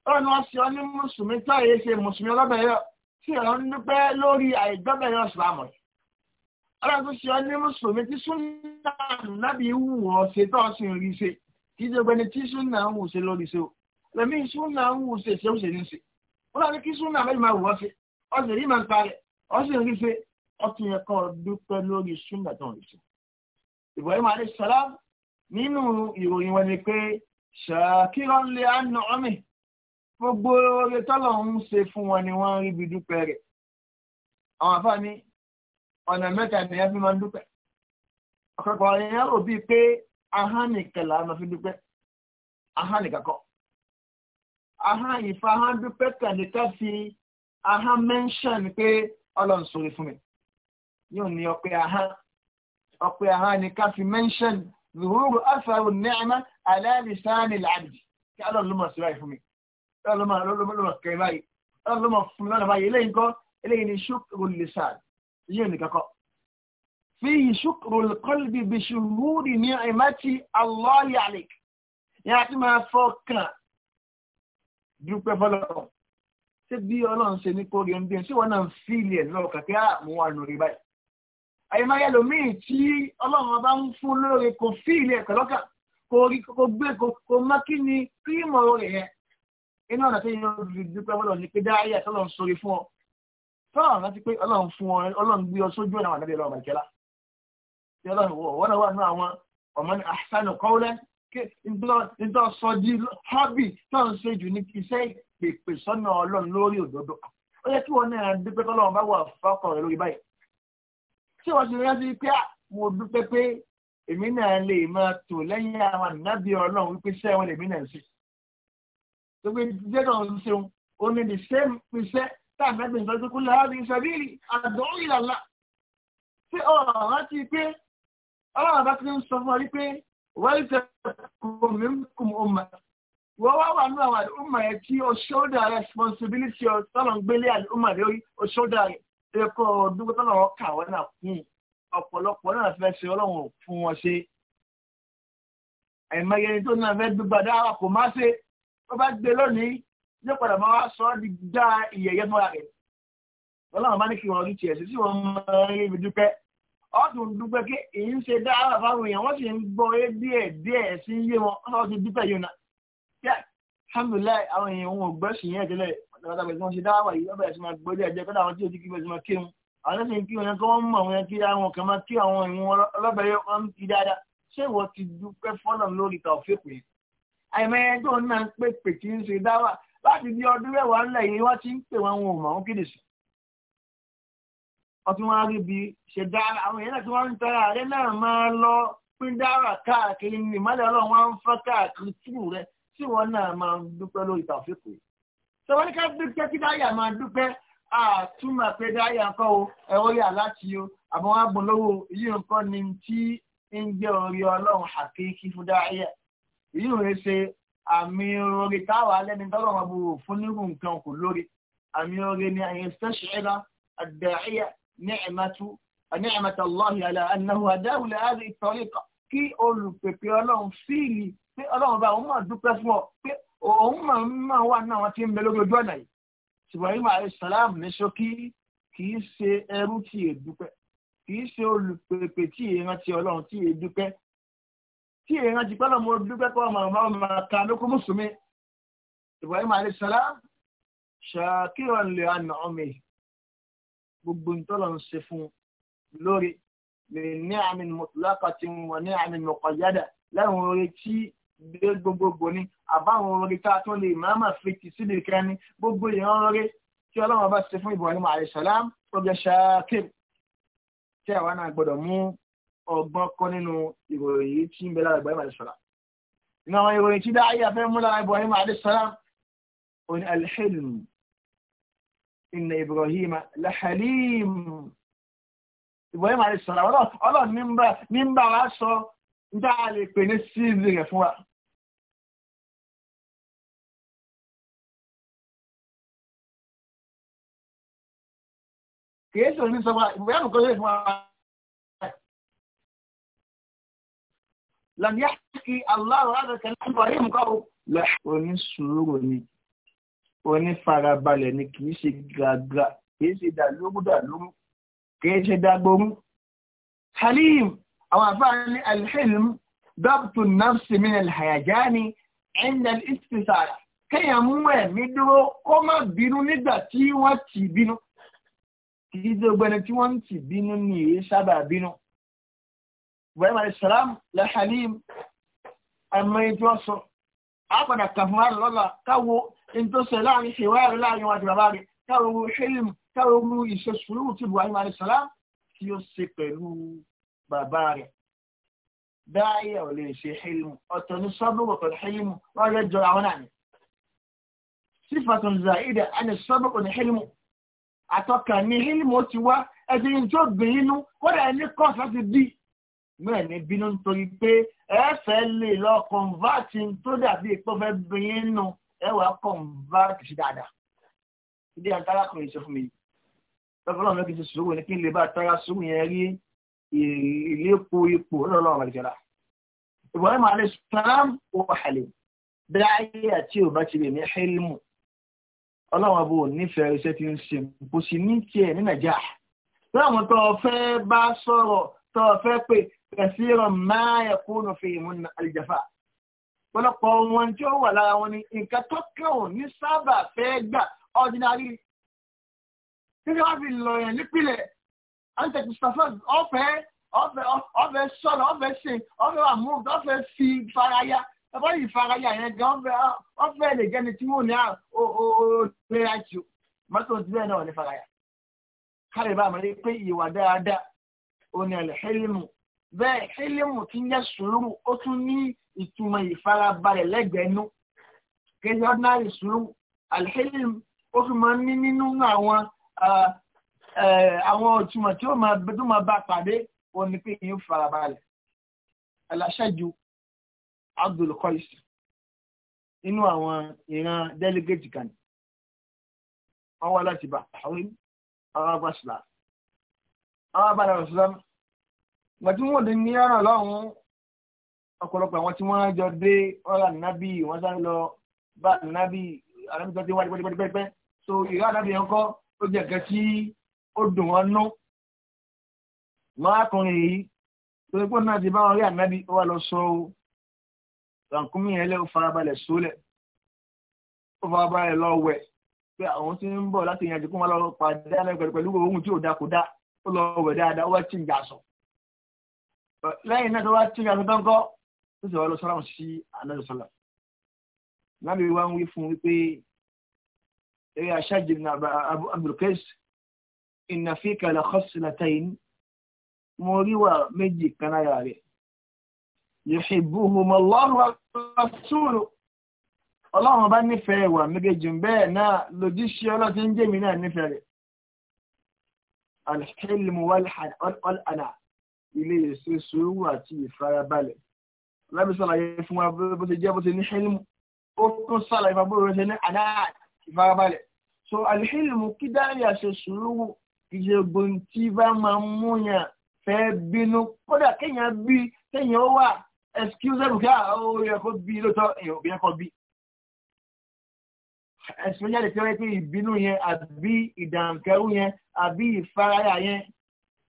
ọ̀rọ̀ ni wọ́n ṣe ọ ní mùsùlùmí tí àyè ṣe mùsùlùmí ọlọ́bẹ̀rẹ̀ tí ìwọ̀n ń dúpẹ́ lórí àìgbẹ́bẹ̀rẹ̀ ìsìlámù ẹ̀. ọ̀rọ̀ tó ṣe ọ ní mùsùlùmí tí súnà nábì wù ọ́ ṣe tó ọ sì ń rí ṣe kì í ṣe gbẹni tí súnà ń wù ṣe lórí ṣe o lẹ́mí súnà ń wù ṣe ṣe ó ṣe ní ṣe. ó lọ ní kí súnà mẹ́rin máa wù ọ́ ṣe ọ sì rí màá ń parẹ́ ọ sì ń rí ṣe ọ tún yẹ kọ́ dúpẹ́ nínú ìròyìn wọn ni pé ṣàkírọ̀ ń lè àánú ọmọ gbogbo oore tọ́lọ̀ ń ṣe fún wọn ni wọ́n rí bi dúpẹ́ rẹ̀ àwọn àfáà ní ọ̀nà mẹ́ta nìyẹn fi máa ń dúpẹ́ ọ̀pọ̀pọ̀ èèyàn rò bíi pé ahán nìkan là máa fi dúpẹ́ ahán nìkan kọ́ ahán ìfà ahán dúpẹ́ kàdíkà fi ahán mẹ́ńṣàn pé ọlọ́run sọ̀rọ̀ fún mi yóò ní ọpẹ́ ahán ọpẹ́ ahán ni ká fi mẹ́ńṣàn zuhuru asaru ni'ma aláìlísàánì làbìdì kí alọ́ọ̀lọ́mọ̀ sí báyìí fún mi alọ́ọ̀lọ́mọ̀ kẹ́ báyìí alọ́ọ̀lọ́mọ̀ fún mi lọ́nà báyìí eléyìí nǹkan eléyìí ni ṣùkúrò lìsàn yíyọ nìkan kọ́ fi ṣùkúrò kọ́lbì bí ṣùrúdì ní ìmátì aláàlì àlèk yẹn àti máa fọkàn dúpẹ́ fọlọ́run ṣé bí ọlọ́run ṣe ní kórè ń bí ẹ̀ ṣé wọ́n náà ń fílì lọ́wọ́ kàkẹ́ àmú báyìí àyèmáyà kò rí kò gbé kò mọ kí ni kí mọ̀ rẹ̀ yẹn inú ọ̀nà tí yín lọ́dún dúpẹ́ bọ́lọ̀ ni pé dáyà tí ọlọ́run sọrí fún ọ fọ́ọ̀rọ̀ láti pé ọlọ́run fún ọ ọlọ́run gbé ọ sójú ọ̀nà àdábẹ́ ọlọ́run àìkẹ́lá tí ọlọ́run wọ̀ wọ́n wà nínú àwọn ọmọ ní àṣàlù kọ́lẹ́ kí nítorí sọ di hábì tó ń ṣe jù ní iṣẹ́ ìpèpè sọ́nà ọlọ́run lórí òdodo ó yẹ kí wọ́n náà dúpẹ́ kọ́lọ́run bá wà fọ́kọ̀ rẹ̀ lórí báyìí tí wọ́n ti rí èmi náà lè máa tò lẹ́yìn àwọn ànábì ọlọ́run wípé iṣẹ́ wọn lèmi náà ṣe. gbogbo ìdíjẹ́ náà ń ṣeun ó ní the same iṣẹ́ tá ànábì ń sọ́jú kúlẹ̀ á ní sàbílì àdán ìlàlá. ṣé ọ̀rọ̀ rántí pé ọlọ́run bá ti ń sọ fún ọ wípé wọ́n ti kò mí kùn ọmọ. wọ́n wá wà nínú àwọn àdúgbò yẹn tí o shoulder responsibility ọ̀ tọ́lọ̀ ń gbélé àdúgbò yẹn o shoulder rẹ̀ ẹ̀kọ́ ọdún tọ́lọ̀ ọ̀ kà wọ́n náà fún un ọ̀pọ̀lọpọ̀ náà fẹ́ ṣe ọlọ́run fún wọn ṣe àìmọye ẹni tó náà fẹ́ gbígbà dára kò má ṣe tó bá gbé lónìí yóò padà máa sọ ọ́ di dá ìyẹ̀yẹ́ fúnra rẹ̀ ọlọ́run bá ní kí wọn rí tiẹ̀ sí sí wọn máa rí ibi dúpẹ́ ọ̀tún dúpẹ́ kí èyí ń ṣe dára fáwọn èèyàn wọ́n sì ń gbọ́ ẹ díẹ̀ díẹ̀ sí yé wọn wọ́n ti dúpẹ́ yìí náà kí alhamdulilayi àwọn èèyàn òun ò gbẹ́sìn yẹn tẹ́lẹ̀ pátápátá pẹ̀lú wọn ṣe dára wà yìí wọ́n bẹ̀rẹ̀ sí máa gbọ́ ilé ẹ̀jẹ̀ àwọn ẹlẹ́sìn kí wọn kí wọ́n mọ̀ wọn kí àwọn máa kí àwọn ìwọ̀n ọlọ́bẹ̀rẹ̀ wọn ń kí dáadáa ṣé ìwọ ti dúpẹ́ fọ́nà lórí ta òfin pè é àìmọye tó ń náà ń pè pè ń ṣe dáwà láti di ọdún mẹ́wàá ńlẹ̀ yìí wọ́n ti ń pè wọn wọn ò mọ̀ wọn kéde sí. wọ́n ti wọ́n rí bi ṣe dára àwọn èèyàn tí wọ́n ń tara àrẹ náà máa lọ pín dára káàkiri ní ìmọ̀lẹ̀ àtúmọ̀ pé dáyà ńkọ́ o ẹ̀rọ yà láti o àbọ̀ wọn bùn lọ́wọ́ èyí nǹkan ni tí ń jẹ́ orí ọlọ́run àkéèkì fún dáyà èyí ò ṣe àmì orí táwa lẹ́ni tọ́lọ̀ wọn bò fún nírú nǹkan kò lórí àmì orí ni àyè sẹ́ṣẹ̀ẹ́lá àdáyà ni'matu ni'matu Allahi ala annahu adáhùn láàrin ìtọ́lẹ̀kọ̀ kí olùpèpè ọlọ́run fíìlì pé ọlọ́run bá òun máa dúpẹ́ fún ọ pé òun máa ń máa wà náà wọn ti ń bẹ lórí ojú ọ̀nà yìí Ibrahim alayhisalam ní ṣókí kì í ṣe ẹrú tí è dúpẹ́ kì í ṣe olùpèpè tí èèyàn ti ọlọ́run tí è dúpẹ́ tí èèyàn ti pẹ́lú ọmọ dúpẹ́ kọ́ ọmọ ọmọ ọmọ ká lóko mùsùlùmí Ibrahim alayhisalam ṣàkíyàn lè àná ọmọ gbogbo ntọ́lọ̀ ń ṣe fún lórí lè ní àmì mọ̀tòlákàtì wọn ní àmì mọ̀kànjádà lẹ́wọ̀n orí tí gbé gbogbogbò ni àbáwọn orin tá a tún lè máàmà fi ti síbi kan ni gbogbo ìran rere tí ọlọ́run bá ṣe fún Ibrahim alayhisalam tó jẹ́ ṣáàkìr tí àwa náà gbọ́dọ̀ mú ọgbọ́n kọ́ nínú ìròyìn yìí tí ń bẹ lára Ibrahim alayhisalam. inú àwọn ìròyìn tí dáa yà fẹ́ mú lára Ibrahim alayhisalam ò ní alhilm inna Ibrahim lahalim Ibrahim alayhisalam ọlọ́run ní ń sọ nígbà a lè pè ní ṣíìzì rẹ̀ fún wa. kìí ṣe òní sọ́wọ́ ìwé àmì kọ́lé fún wa. lànà yá kí aláwọ̀ àgbẹ̀kẹ̀ náà ń bọ̀ yìí nǹkan o. oní sùúrù ni oní farabalẹ̀ ni kìí ṣe gàgà kìí ṣe dàlúrú dàlúrú kìí ṣe dàgbòmú. Halim àwọn àfáà ní alhilm dabtu nafsi min alhayajani inda istisar kéèyàn mú ẹ̀mí dúró kó má bínú nígbà tí wọ́n ti bínú kì í dọ̀gbẹ́ni tí wọ́n ti bínú ní èyí sábà bínú. Ibrahim alayisalaam la halim ẹ̀mọ ètò ọ̀sọ̀ àpàdà kàfùnmá rẹ̀ lọ́la káwo ìtòsẹ̀ láàrin ṣèwárí láàrin wájú bàbá rẹ̀ káwo hilm káwo ìṣesùúrù ti Ibrahim alayisalaam tí ó ṣe pẹ̀lú bàbá rẹ̀ dáìyà ò lè ṣe hilmu ọ̀tọ̀ ní sọ́bùrù pẹ̀lú hilmu wọ́n rẹ̀ jọ àwọn àmì sífàtún zaida ẹni sọ́bùrù ní hilmu àtọ́kà ní hilmu ti wá ẹni tó gbìn inú kódà ẹni kọ́ láti bí mẹ́ẹ̀ ní bínú nítorí pé ẹ fẹ́ lè lọ kọ̀ǹvátì tó dàbí ìpọ́fẹ́ gbìn inú ẹ wàá kọ̀ǹvátì sí dáadáa ìdí àtàrà kò ìlépo ipò lọ́lọ́ àbàjọ́ra Ibrahim alayhi salam wà hàlẹ́ dáyé àti òbá ti lè ní hẹ́lmù ọlọ́run ọba ò nífẹ̀ẹ́ iṣẹ́ tí ń ṣe kò sì ní tiẹ̀ ní nàìjíríà láwọn tó o fẹ́ bá sọ̀rọ̀ tó o fẹ́ pé kẹsìrọ̀ máa yẹ kó o fi ìmú àlìjàfà pọ̀lọpọ̀ wọn tí ó wà lára wọn ni nǹkan tó kàn ní sábà fẹ́ gbà ordinary tí wọ́n fi lọ yẹn nípìnlẹ̀ àǹtẹ̀ Christopher ọ̀fẹ́ ọ̀fẹ́ ọ̀fẹ́ sọ̀rọ̀ ọ̀fẹ́ ṣe ọ̀fẹ́ wà mú ọ̀fẹ́ fi faraya ọ̀fẹ́ yìí faraya yẹn gan ọ̀fẹ́ ọ̀fẹ́ lè jẹ́ni tí wọ́n ní òòrùn mọ́tò ti bẹ́ẹ̀ náà ní faraya. káre bá mi rí pé ìwà dáadáa ò ní ẹ̀lẹ́ hélímù bẹ́ẹ̀ hélímù ti ń yẹ sùúrù ó tún ní ìtumọ̀ ìfarabalẹ̀ lẹ́gbẹ̀ẹ́nu kejì ordinary sùúrù alhélímù ó fi máa ń ní nínú àwọn ah, Eh, àwọn òtúmọ̀ tí ó máa bá pàdé òun ni pé kí n farabalẹ̀ aláṣẹ́jú Abdul Qais inú àwọn ìran delegate kan wọ́n wá láti bá àwọn arábàṣìlá arábàṣìlá gbàtí wọ́n dé ní ara lọ́hùn-ún ọ̀pọ̀lọpọ̀ àwọn tí wọ́n jọ dé ọ̀rọ̀ ànábì wọ́n sáré lọ bá ànábì ànábì tó ti wájú pẹ́ẹ́pẹ́ẹ́pẹ́ so ìrá ànábì yẹn kọ́ ó jẹ́ nǹkan tí ó dùn wọn nú mọ́rákùnrin yìí torí pé náà ti bá wọn rí ànábì ó wà lọ sọ o rànkúmí yẹn lẹ́wọ́ farabalẹ̀ sólẹ̀ ó farabalẹ̀ lọ wẹ̀ pé àwọn tí ń bọ̀ láti ìyànjú kó wọn lọ pàdé àlẹ́ pẹ̀lú ohun tí ò dáa kò dáa ó lọ wẹ̀ dáadáa ó wá tí ń gbà sọ lẹ́yìn náà sọ tán kọ́ sì lọ sí nábì wá ń wí fún ìnàfíkà làkọ́sìlátàyìn mo rí wà méjì kan lára rẹ̀ yuhibbuhum Allahu wa rasuluhu ọlọ́run bá nífẹ̀ẹ́ wà méjèèjì bẹ́ẹ̀ náà lòdìṣẹ́ ọlọ́tí ń jẹ́mi náà nífẹ̀ẹ́ rẹ̀ alhilmu walhana ilé èso sùúrù àti ìfarabalẹ̀ lábí sàlàyé fún wa bó ti jẹ́ bó ti ní hilmu ó tún sàlàyé fún wa bó ti ní àná ìfarabalẹ̀ so alhilmu kí dáríà ṣe sùúrù ìṣègbò tí bá máa ń múyàn fẹ́ bínú kódà kéèyàn bí kéèyàn ó wà excuse me kí ó yẹ kó bí lóòótọ́ èèyàn òbí yẹn kọ́ bí. ẹ̀sùn yẹn lè fi wáyé pé ìbínú yẹn àbí ìdàǹkẹ́rú yẹn àbí ìfaraya yẹn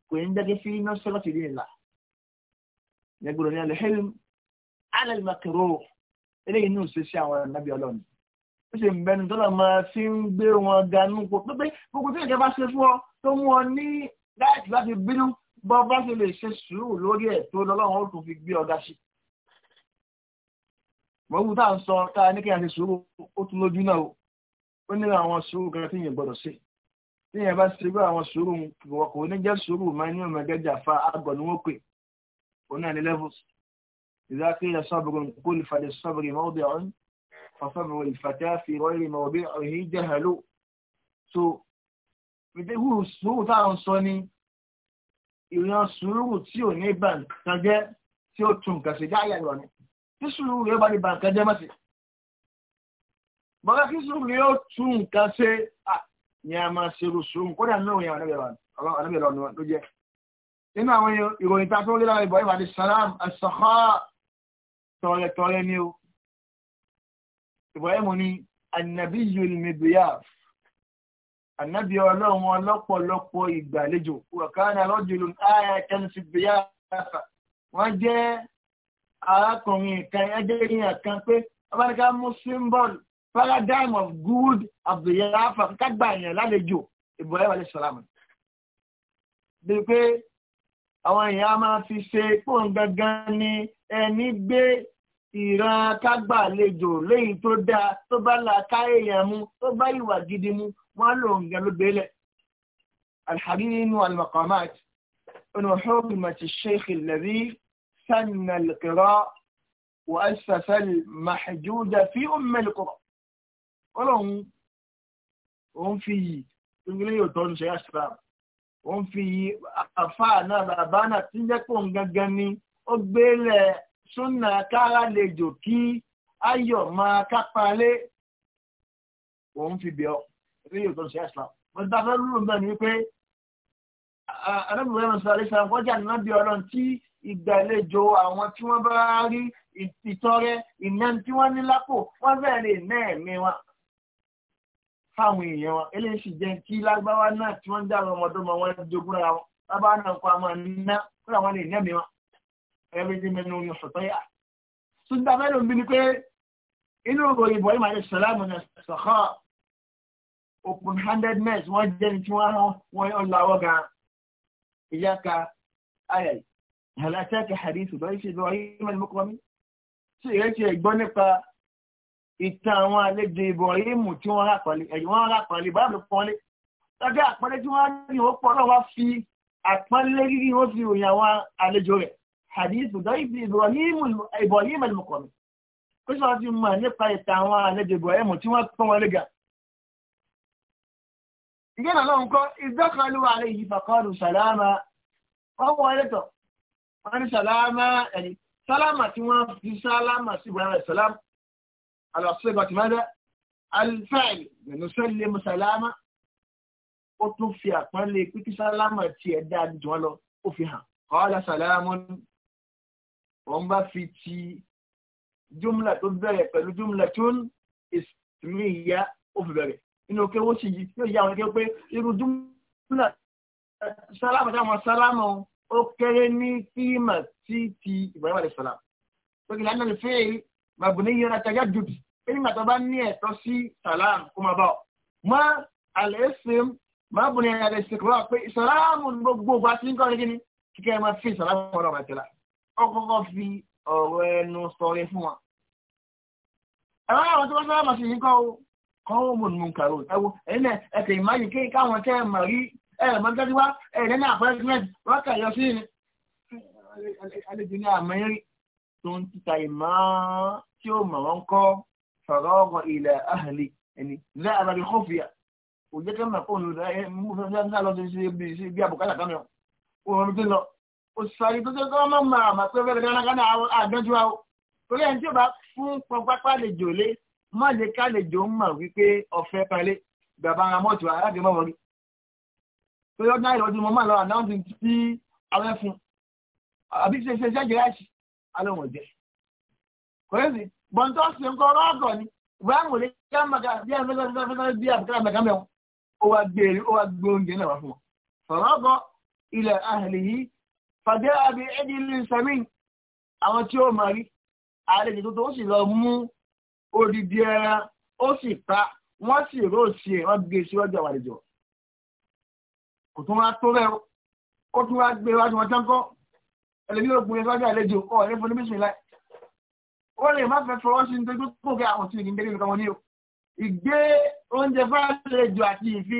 kò ní dẹ́gẹ́ sí iná sọ́lá ti dín ìlà. lẹ́gbọ̀dọ̀ ní alẹ́ hẹ́lìm alẹ́ màkìrò eléyìí ní òṣèṣẹ́ àwọn ẹ̀nàbí ọlọ́run ó sì ń bẹnu tọ́lọ̀ máa fi ń gbé wọn ganú pọ̀ pé gbogbo tí ìjọba ṣe fún ọ tó mú ọ ní láti láti bínú bọ́ bá ṣe lè ṣe sùúrù lórí ẹ̀ tó lọ́lọ́run ó tún fi gbé ọ̀gá sí. mọ̀wú tá à ń sọ tá a ní kí a ṣe sùúrù ó tún lójú náà o ó ní àwọn sùúrù kan tí yẹn gbọdọ̀ ṣe tí yẹn bá ṣe bí àwọn sùúrù wọn kò ní jẹ́ sùúrù máa ní ọmọ ẹgbẹ́jà fa àgọ̀ ni wọ́n pè òun náà ní levels ìdá kí ẹ sọ́bìrì kó lè fàdé sọ́bìrì mọ́ọ̀dì ọ̀hún fọ́sọ́bìrì ìfàtẹ́ àfi ìrọ́lẹ̀ mọ́ọ̀dì ọ̀hún jẹ́ hàlú. so mìtẹ́kù sùúrù táwọn sọ ni ìran sùúrù tí ò ní bàǹkàjẹ́ tí ó tún nǹkan ṣe dáyà lọ ni tí sùúrù yóò bá ní bàǹkàjẹ́ mọ́ sí. bọ́lá kí sùúrù yóò tún nǹkan ṣe ni a máa ṣe sùúrù kódà náà yẹn ànábẹ̀ lọ ló jẹ́. nínú àwọn ìròyìn tá a tó lé lára ìbọn ìwádìí salam asakha tọrẹtọrẹ ni o ìbọn ẹ̀mọ ni anabi yul mibyaf ànábì ọlọ́run ọlọ́pọ̀lọpọ̀ ìgbàlejò wọ̀kánà rọ́jùlù ààyè kẹ́mísì bíyà àfà wọ́n jẹ́ arákùnrin kan ẹgbẹ́rìyàn kan pé abánika mú symbol paradigm of good abdullahi kágbà yẹn lálejò Ibrahim alayhi salam bíi pé àwọn èèyàn a máa fi ṣe pòun gangan ni ẹni gbé ìran kágbàlejò léyìí tó dáa tó bá la ká èèyàn mu tó bá ìwà gidi mu wọn lò ń gẹ ló gbélé alḥariri nu almaqamat onu xukmati sheikh alladhi sanna alqira wa asfasa almaxjuja fi umm alqura Ọlọ́run òun fi yìí ìgbélé yóò tọ́ ní ṣe àṣìṣe òun fi yìí àfáà náà bàbá náà tí ń jẹ́ pé òun gangan ni ó gbélé súnà kára lè jò kí ayọ̀ máa kápálé òun fi bẹ̀ ọ́ ẹgbẹ́ yóò tó ń ṣe ẹ̀sà mo ti dáfẹ́ lúlò náà ni wípé anábìbọ̀lẹ́ mọ̀sán àlẹ́sà wọ́jà náà bí ọlọ́run tí ìgbàlejò àwọn tí wọ́n bá rí ìtọrẹ ìná tí wọ́n ní lápò wọ́n fẹ́ẹ̀ lè ná ẹ̀mí wọn fáwọn èèyàn wọn eléyìí sì jẹ́ kí lágbáwá náà tí wọ́n ń dá àwọn ọmọdé wọn jogún ra wọn lábáwọn náà kọ́ àwọn ní ná kó làwọn ẹ̀mí wọn everything mẹ́nu orin ọ̀sọ̀tọ́ yà tún dábẹ́ ló ń bí ni pé inú ìròyìn ìbọ̀ ìmọ̀ àdéṣọ́lámù ní ṣọ̀kọ́ open handedness wọ́n jẹ́ ní tí wọ́n hàn wọ́n yọ lọ́wọ́ gan ìyá ka ayẹ̀ hàlàtẹ́kẹ̀ hadith lọ́yìn ṣe lọ́yìn ìmọ̀ ìmọ̀kọ́mí tí ìrẹ́ ti ẹ̀gbọ́ nípa ìtàn àwọn àlejò ìbọ̀ ìmù tí wọ́n rà pàlẹ́ ẹ̀yìn wọ́n rà pàlẹ́ báàbò pọ́nlé lọ́jọ́ àpọ́nlé tí ní ó pọ́ fi àpọ́nlé rírí ó fi ròyìn àlejò rẹ̀ hadithu daifi ibrahim al-muqami kó sọ ti mọ̀ nípa ìta àwọn àlejò ibrahim tí wọ́n pọ́n wọn lẹ́gà ìgbẹ́nà náà ń kọ́ ìdọ́kọlù ààrẹ yìí fàkọ́rù sàlámà wọ́n wọ́n lẹ́tọ̀ wọ́n ní sàlámà ẹ̀yìn sàlámà tí wọ́n fi sàlámà sí ibrahim sàlám alàṣẹ́gbà tí wọ́n dẹ́ alifẹ́ẹ̀lì nínú sẹ́lẹ̀ mùsàlámà ó tún fi àpọ́nlé pípí sàlámà tiẹ̀ dáa jù wọn lọ ó fi hàn kọ́lá sàlámà wọ́n bá fi ti jumla tó bẹ̀rẹ̀ pẹ̀lú jumla tó ń ìsìnrí ìyá ó fi bẹ̀rẹ̀ inú oké wọ́n sì yóò yá àwọn ẹgbẹ́ pé irú jumla sálámù táwọn sálámù ó kéré ní kíímà tí ti Ibrahim alayhi salam pé kìlá náà lè fẹ́ màbùnú yẹn ra tajà dùbì pé nígbà tó bá ní ẹ̀tọ́ sí sàlám kó máa bá ọ mọ́ àlẹ́sìn màbùnú yẹn ra lè sèkúrọ̀ pé sàlámù gbogbo bá ti ń kọ́ ọ́ ní kíni kíkẹ́ ẹ máa fi sàlámù ọ̀rọ̀ bàtẹ́lá wọ́n kọ́kọ́ fi ọ̀rọ̀ ẹnu sọ̀rọ̀ fún wa. ẹ̀rọ àwọn tó wọ́n sábà máa ṣe yín kọ́ o kọ́ ó mọ̀ nínú kàró ẹ̀wọ̀ ẹ̀yìn náà ẹ̀kẹ́ ìmáyì kí káwọn tẹ́ ẹ̀ mà rí ẹ̀ mọ́ tẹ́tí wá ẹ̀rẹ́ náà fẹ́ sílẹ̀ wọ́n kà yọ sí àlejò ní àmẹ́rí tó ń tita ìmọ̀ tí ó mọ̀ wọ́n kọ́ sọ̀rọ̀ ọ̀gọ̀ ilẹ̀ ahli ẹni lẹ́ abàdì kófìyà òjẹ́kẹ́ mọ̀ fóònù rẹ̀ mú fẹ́ fẹ́ òṣìṣàrí tó jẹ́ kọ́ mọ́ máa mà pé bẹ́ẹ̀ dáná kánà àdánjú wa o torí ẹni tí ó bá fún pọpápá lè jò lé mọ́ lè ká lè jò ń mọ̀ wípé ọ̀fẹ́ palẹ̀ bàbá ara mọ́tò aláàbí mọ́ wọlé torí ọdún àìlọ́ ọdún mọ́ máa lọ àdáhùn ti ti awẹ́ fún àbí ṣe ṣe ṣẹ́jẹ́ láìsí alóhùn ọ̀jẹ́ kòrèsì bọ̀ǹtọ́ ṣe ń kọ́ rọ́ọ̀gọ̀ ni ìbáraẹ̀mù lè ká màkà fàdé àbí ẹ́dínlẹ̀ sẹ́mìn àwọn tí ó máa rí àlejò tó tó ó sì lọ mú odidi ẹran ó sì pa wọ́n sì rò sí ẹ̀ wọ́n gbé e síwájú àwọn àlejò kò tún wá tó rẹ̀ ó tún wá gbé e wájú wọn tánkọ́ ẹlẹ́bí ògùn ẹ̀ e wájú àlejò ọ̀ ẹ̀ fún níbísùn láì ó lè má fẹ́ fọwọ́ sí nítorí pé kò kí àwọn tí ìgbé oúnjẹ fún àlejò àti ìfi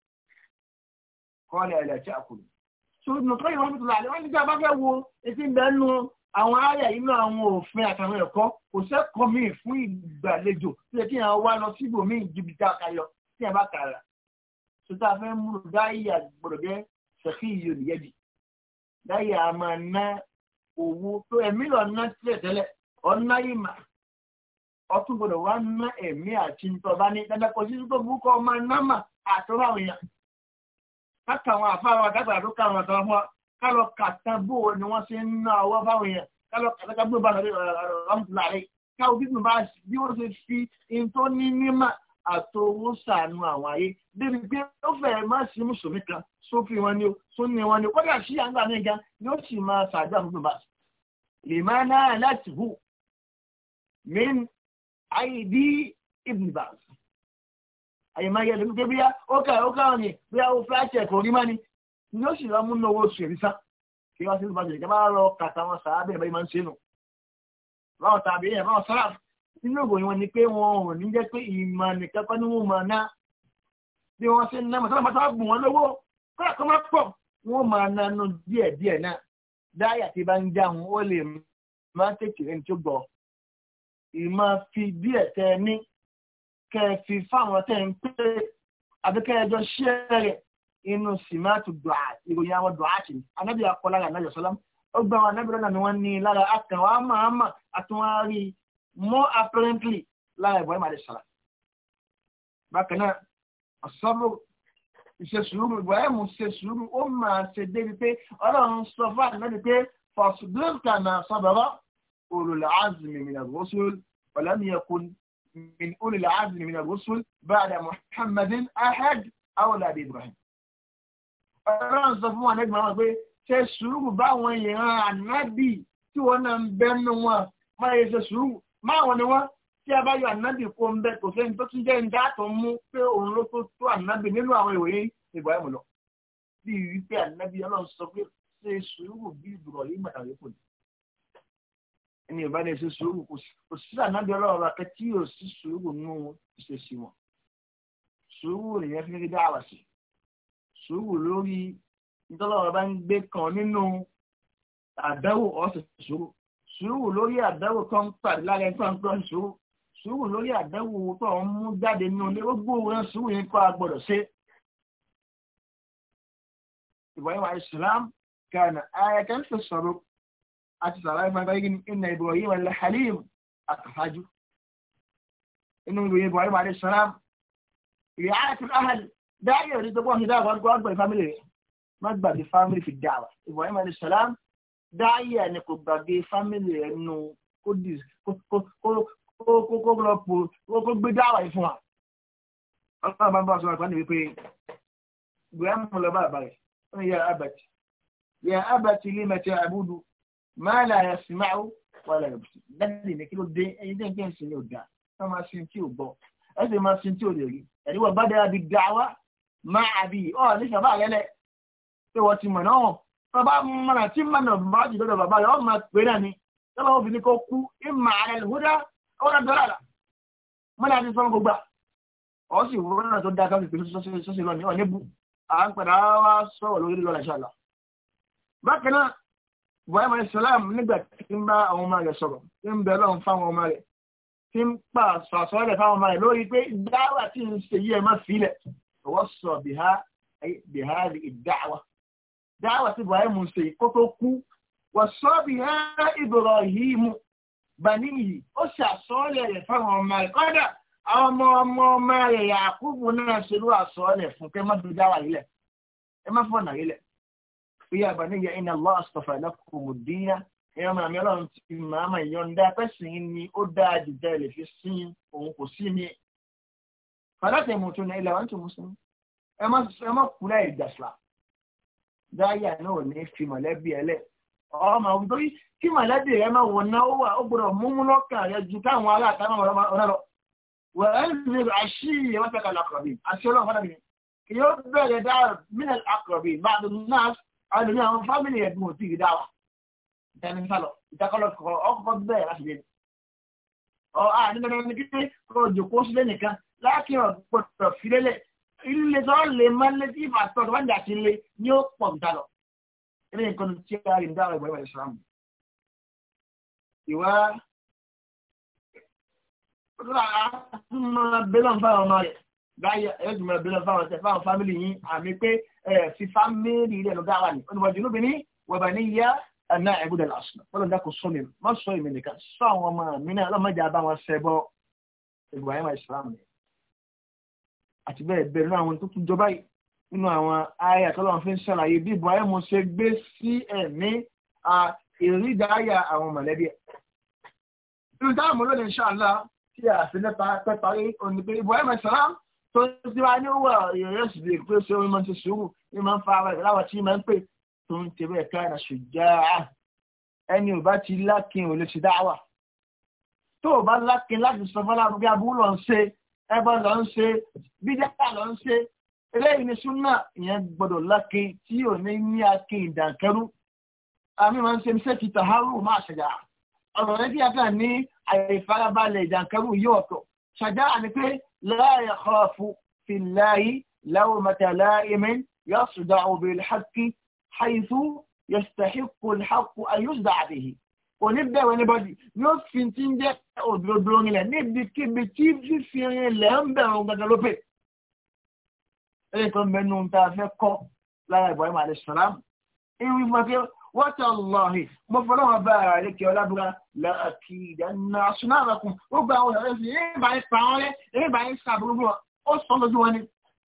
kọ́lẹ̀ ẹ̀lẹ̀ tí a kù ní. so nùkọ́ ìwọ́n mi tún láàlẹ́ wọ́n ní sábà fẹ́ wo etí ń bẹ́ẹ̀ nu àwọn àyà inú àwọn òfin àtàwọn ẹ̀kọ́ kò sẹ́kọ̀ọ́ mi fún ìgbàlejò tó yẹ kí àwọn wá lọ síbò mí jìbìtì àkàyọ tí ẹ bá kàrà so tá a fẹ́ mú dáìyà gbọ́dọ̀ jẹ́ sẹ́kì iyò nìyẹ́dì dáìyà a máa ná owó tó ẹ̀mí lọ ná tẹ́lẹ̀tẹ́lẹ̀ ọ̀nà ìmà ọtún gbọ́dọ̀ wá ná ẹ̀mí àti ntọ́ba ní dandan kò sí tó burúkọ ọmọ náà mà àtọ́rọ̀ àwọn èèyàn káka àwọn àfáwọn àgbàgbà tó ká àwọn àtàwọn wọn kálọ kàtà bó ni wọ́n ṣe ń ná ọwọ́ fáwọn yẹn kálọ kàtà bó bá rẹ̀ káwọn bí bá bí wọ́n ṣe fi in tó ní nímà àtòwò sànù àwọn ayé débi pé ó fẹ́ẹ̀ má sí mùsùlùmí kan sófin wọn ni ó tó ní wọn ni ó kọ́dà sí àgbà mi ga ni ó sì máa ṣàdúrà fún bàbá lè má náà láti hù mí àìdí ìbùbà àyèmáyé lómi pé bíyá ó kà ó kà ọ̀nì bíyá ó fúláṣẹ̀ kò rí mání ni ó sì lọ mú lówó oṣù èrí sá kí wọ́n sì ń bàjẹ́ ìjọba lọ kàtà wọn sàábẹ̀ bẹ́ẹ̀ máa ń ṣe nù báwọn tàbí èèyàn báwọn sáráàfù nínú ìròyìn wọn ni pé wọn ò ní jẹ́ pé ìmọ̀ nìkan pẹ́ ní wọn mọ̀ náà bí wọ́n ṣe ń ná mọ̀tọ́lá mọ̀tọ́lá gùn wọn lówó kọ́lá kan máa kẹ́ ẹ fi fáwọn tẹ́ ń pè é àbí kẹ́ ẹ jọ ṣẹ́ rẹ̀ inú sìmáàtù dùà ìròyìn àwọn dùà kì í anábì akọlára anájọ sọlám ó gbà wọn anábì lọ́nà ni wọ́n ní lára akẹwà àmàmà àtúnwárí more apparently lára ìbọn ìmàlẹ̀ sọ̀rọ̀ bákan náà ọ̀sọ́bù ìṣe sùúrù ibrahim ṣe sùúrù ó máa ṣe débi pé ọlọ́run sọ fún ànábì pé fọ̀sùdúrùkà náà sọ̀bọ̀rọ̀ ulul azmi minar rusul walam yakun من أولي العزل من الرسل بعد محمد أحد أولى بإبراهيم ọlọ́run sọ fún wa nígbà wọn pé ṣe sùúrù báwọn ìran ànábì tí wọn náà ń bẹ nínú wọn máa yẹ ṣe sùúrù máwọn ni wọn tí a bá yọ ànábì kó ń bẹ kò sẹ́ni tó tún jẹ́ ń dá tó mú pé òun ló tó tó ànábì nínú àwọn ìwòye Ibrahim lọ bí wípé ànábì ọlọ́run sọ pé ṣe sùúrù bí Ibrahim gbàdá yókù ni ẹni ìbá ní ṣe sùúrù kò sí ànábì ọlọ́run akẹ́ tí yóò sí sùúrù nínú ìṣesí wọn sùúrù nìyẹn fi ń rí dáhà sí sùúrù lórí ìtọ́lọ́run bá ń gbé kan nínú àdáwò ọ̀sẹ̀ sùúrù sùúrù lórí àdáwò tó ń pàdé lára tó ń tọ́ sùúrù sùúrù lórí àdáwò tó ń mú jáde nínú ilé ó gbóòórá sùúrù yẹn kọ́ a ṣe. ìwà ìwà ìsìlámù kan àyẹ̀kẹ́ àti sàrà ìfàgbà yìí inna Ibrahim la halim àtàfájú inú ìròyìn Ibrahim alẹ́ sàrà ìyá àti ahàlì dáyé òní tó pọ̀hìn dáwà gbọ́ gbọ́ ìfámìlì rẹ̀ má gbàgbé fámìlì fi dáwà Ibrahim alẹ́ sàrà dáyé ẹni kò gbàgbé fámìlì rẹ̀ nù kó lọ pò kó gbé dáwà yìí fún wa ọlọ́run bá ń bá ọ̀sán àgbà níbi pé Ibrahim lọ bá àbá rẹ̀ ó ní yà abàtì yà abàtì lè mẹ́tẹ́ àbúdù máa là yẹn sì máa wà láyọ̀ bùsù dáàdì ní kí ló dé ẹyin tẹ́ ń kí ń sin ní ọ̀dà ẹ máa sin tí ò gbọ́ ẹ sì máa sin tí ò lè rí ẹ̀rí wọ́n bá dára bí dáwà máa àbí ọ̀ ní sábà rẹ́lẹ̀ pé wọ́n ti mọ̀ náà bàbá mọ̀nà tí mọ̀nà bá jù lọ́dọ̀ bàbá rẹ̀ ọ̀ máa pè náà ni sábà wọ́n fi ní kó kú ìmọ̀ àrẹ lùhúdá ọ̀rọ̀ dọ́là là mọ̀nà àti sọ́n gbogbo ọ̀ sì wọ́n tó dá káfí pé sọ́sẹ̀ lọ ní ọ̀ níbu à ń padà wá sọ̀rọ̀ lórí lọ́la ṣáàlà bákan náà ibrahim alayisalaam nígbà tí ń bá àwọn ọmọ rẹ̀ sọ̀rọ̀ tí ń bẹ lọ́run fáwọn ọmọ rẹ̀ tí ń pa fáwọn ọmọ rẹ̀ lórí pé dáwà tí ń ṣe sílẹ̀ ọwọ́ sọ bìhá rí ìdáwà dáwà tí ibrahim ń ṣe kó tó kú wọ́n sọ bìhá ibrahim bàníyì ó ṣàsọ́ọ̀lẹ̀ rẹ̀ fáwọn ọmọ rẹ̀ kọ́dà ọmọ ọmọ ọmọ rẹ̀ náà lẹ̀ ya baniya inna Allah astafa lakumud din ẹ̀rọ màmí ọlọ́run ti màmá ìyọ̀ǹda pẹ́sìn ni ó dáa jìjà ilẹ̀ fi sin òun kò sí mi. fàdátẹ̀ mùtún ní ilẹ̀ wa ń tún mùsùlùmí ẹ má kú láì dàsílà dáyà náà ò ní fi mọ̀lẹ́bí ẹ lẹ̀ ọmọ àwọn torí kí mọ̀lẹ́bí rẹ máa wọ̀n náà ó wà ó gbọ́dọ̀ múmú lọ́kàn rẹ ju káwọn aláàtà náà wọ̀n lọ. wẹ̀ẹ́ ní àṣìyẹ wọ́n fẹ́ kàlà àkọ̀bí àṣìyẹ ọlọ́run fọ́nà mi kì yóò bẹ̀rẹ̀ dáa mílẹ̀ àkọ̀bí bá a dùn náà àwọn ènìyàn àwọn fámìlì ẹ̀dùn òtí ìdá wa ìtẹ́ni sálọ ìtakọ́lọ́ kọ̀ọ̀ ọkọ̀ bẹ́ẹ̀ láti lé ọ àdínlẹ́dẹ́ ní kété kó jòkó sílé nìkan láàkì ọ̀gbọ̀dọ̀ fìlélẹ̀ ilé tó lè má lé tí ìfà tó tó bá ń dà sí lé ní ó pọ̀ ń sálọ. ilé nǹkan tí a rí dáwọ̀ ìwà ìwà ìsìlámù. ìwà ọdún báyìí ẹ̀ẹ́dùn mọ̀ bílọ̀ fáwọn ọ̀sẹ̀ fáwọn fámìlì yín àmì pé fi fámìlì rẹ̀ lọ́gá wà ní oníwájú inú bìíní wọ̀bà ní yá ẹ̀nà ẹ̀gbọ́dẹ̀ lásán wọ́n lọ́dá kò sún mi má sọ èmi nìkan sọ àwọn ọmọ mi náà ọlọ́mọdé abá wọn ṣẹ bọ́ Ibrahim Islam ni àti bẹ́ẹ̀ bẹ́ẹ̀ nínú àwọn tó tún jọba yìí nínú àwọn ayé àtọ́lọ́wọ́n fi ń ṣàlàyé bí Ibrahim ṣe gbé sí ẹ̀mí ìrídàáyà àwọn mọ̀lẹ́bí ẹ̀. ìrìndàmù lónìí ṣáàlá tí a sì lẹ́pa pẹ́ parí òní pé Ibrahim Islam tó ti wá ní owó èèyàn sì lè pé ṣé wọ́n máa ń ṣe sùúrù ní máa ń fa ara rẹ̀ láwọn tí máa ń pè tó ń tẹ̀wé ẹ̀ka ẹ̀rọ ṣùgbọ́n ẹni ò bá ti lákin ò lè ṣe dáwà tó o bá lákin láti sọ fọlá bí aburú lọ ń ṣe ẹbọ lọ ń ṣe bídẹ́ta lọ ń ṣe eléyìí ni súnà ìyẹn gbọdọ̀ lákin tí ò ní ní akin ìdàkẹ́rú àmì máa ń ṣe iṣẹ́ ti tàhárù máa ṣẹ̀dá ọ̀rọ̀ rẹ̀ bí a kàn ní àyè ìfarabalẹ̀ ìdàkẹ́rù yóò tọ̀ ṣàjá àni pé لا يخاف في الله لومة لائم يصدع بالحق حيث يستحق الحق أن يصدع به oníbẹ̀ wẹ́n níbọ̀dì yóò fi ti ń jẹ́ òdòdó nílẹ̀ níbikíbi tí fífi ilẹ̀ ń bẹ̀rù gbẹ̀gbẹ̀ lópè. ẹ̀rẹ́ tó ń bẹnu tá a fẹ́ kọ́ lára Ibrahim alayhi salam. ìwé fún watallahi mo fọlọ́ wọn bá ara rẹ̀ kí ọlábúra láàkì ìdáná ṣùnà àbàkùn ó gba àwọn ọ̀rẹ́ sí èyí bá ń pa wọn rẹ̀ èyí bá ń sàbúrúbú wọn ó sọ lójú wọn ni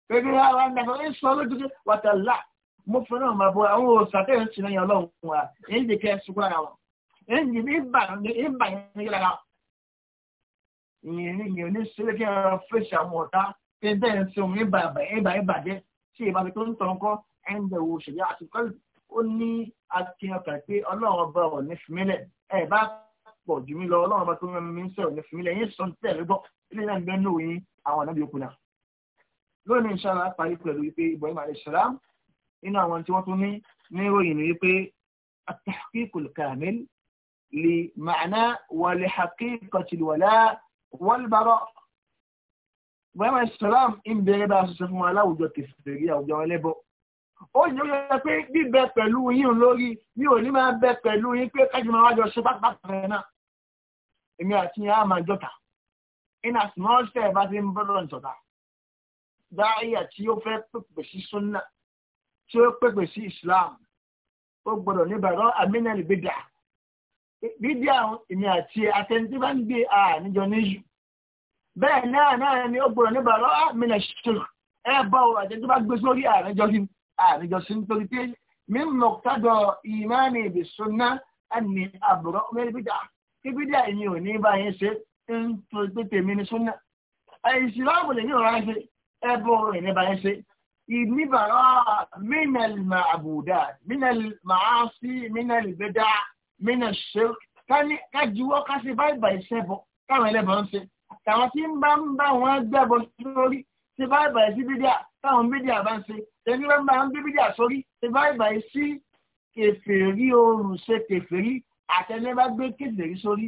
pẹ̀lú ara ń dàgbà ó sọ lójú pé wàtàlá mo fọlọ́ wọn bá bọ́ àwọn òṣàtẹ́ ń sinmi yàn lọ́wọ́ wa èyí lè kẹ́ ẹ sùkú ara wọn èyí lè ní ìbà yẹn lára ìyẹn ní sílẹ̀ kí ẹran fèsì àwọn ọ̀tá pé bẹ́ẹ̀ ń sọ ìbà ìbàjẹ́ sí ìbàjẹ́ tó ń tọ̀ ń kọ́ ẹ̀ ń bẹ̀wò òṣèlú àti kọ́lù ó ní akíyan kan pé ọlọ́run ọba ò ní fìmílẹ̀ ẹ bá pọ̀ jù mí lọ ọlọ́run ọba tó mẹ́rin mi ń sọ̀rọ̀ ní fìmílẹ̀ yín sọ tẹ̀ lé gbọ́ ilé náà ń bẹ́ ní òyìn àwọn ànábì okùn náà lónìí inshallah parí pẹ̀lú wípé Ibrahim alayhis salam inú àwọn tí wọ́n tún ní ní ìròyìn ni wípé at-tahqiqul kamil li ma'na wa li haqiqatil wala Ibrahim alayhis ń bẹ̀rẹ̀ bá a ó yóò yẹ pé bíbẹ pẹ̀lú yín lórí mi ò ní máa bẹ pẹ̀lú yín pé kájú máa wájọ ṣe pátápátá rẹ̀ náà èmi àti yín á máa jọta in as much as bá ti ń bọ́dọ̀ ìjọba dáhìyà tí ó fẹ́ pèpè sí sunna tí ó pèpè sí Islam ó gbọ́dọ̀ níbàárọ̀ amínẹ́lì bídà bídà èmi àti àtẹnudí bá ń gbé àníjọ níyù bẹ́ẹ̀ náà náà ni ó gbọ́dọ̀ níbàárọ̀ amínẹ́lì ṣèkìrì ẹ bá ọ àtẹnudí bá gbé sórí àníjọ yìí àníjọ ah, sí nítorí pé mímọ̀ tádọ̀ ìmáàní ìbìsúná àní àbùrọ̀ mẹ́rìndínlá kíbídà ẹ̀yìn ò ní bá yẹn ṣe nítorí pé tèmi ni súná ìsìláàmù lè ní ọ̀rọ̀ ẹ̀ṣẹ̀ ẹ̀bùn rẹ̀ ní bá ẹ̀ṣẹ̀ ìníbàárà mínàlì màbùdà mínàlì màásí mínàlì bẹ́dà mínàlì ṣe kájúwọ́ kásì báyìí báyìí ṣẹ́bọ̀ káwọn ẹlẹ́bọ̀ ń ṣe àwọn tí ń bá ń bá wọn gbẹ́bọ̀ lórí ṣe báyìí báyìí sí bídíà táwọn bídíà bá ń ṣe tẹ̀lé wọn máa ń gbé bídíà sórí ṣe báyìí báyìí sí kèfèrí oòrùn ṣe kèfèrí àtẹnẹ́ bá gbé kèfèrí sórí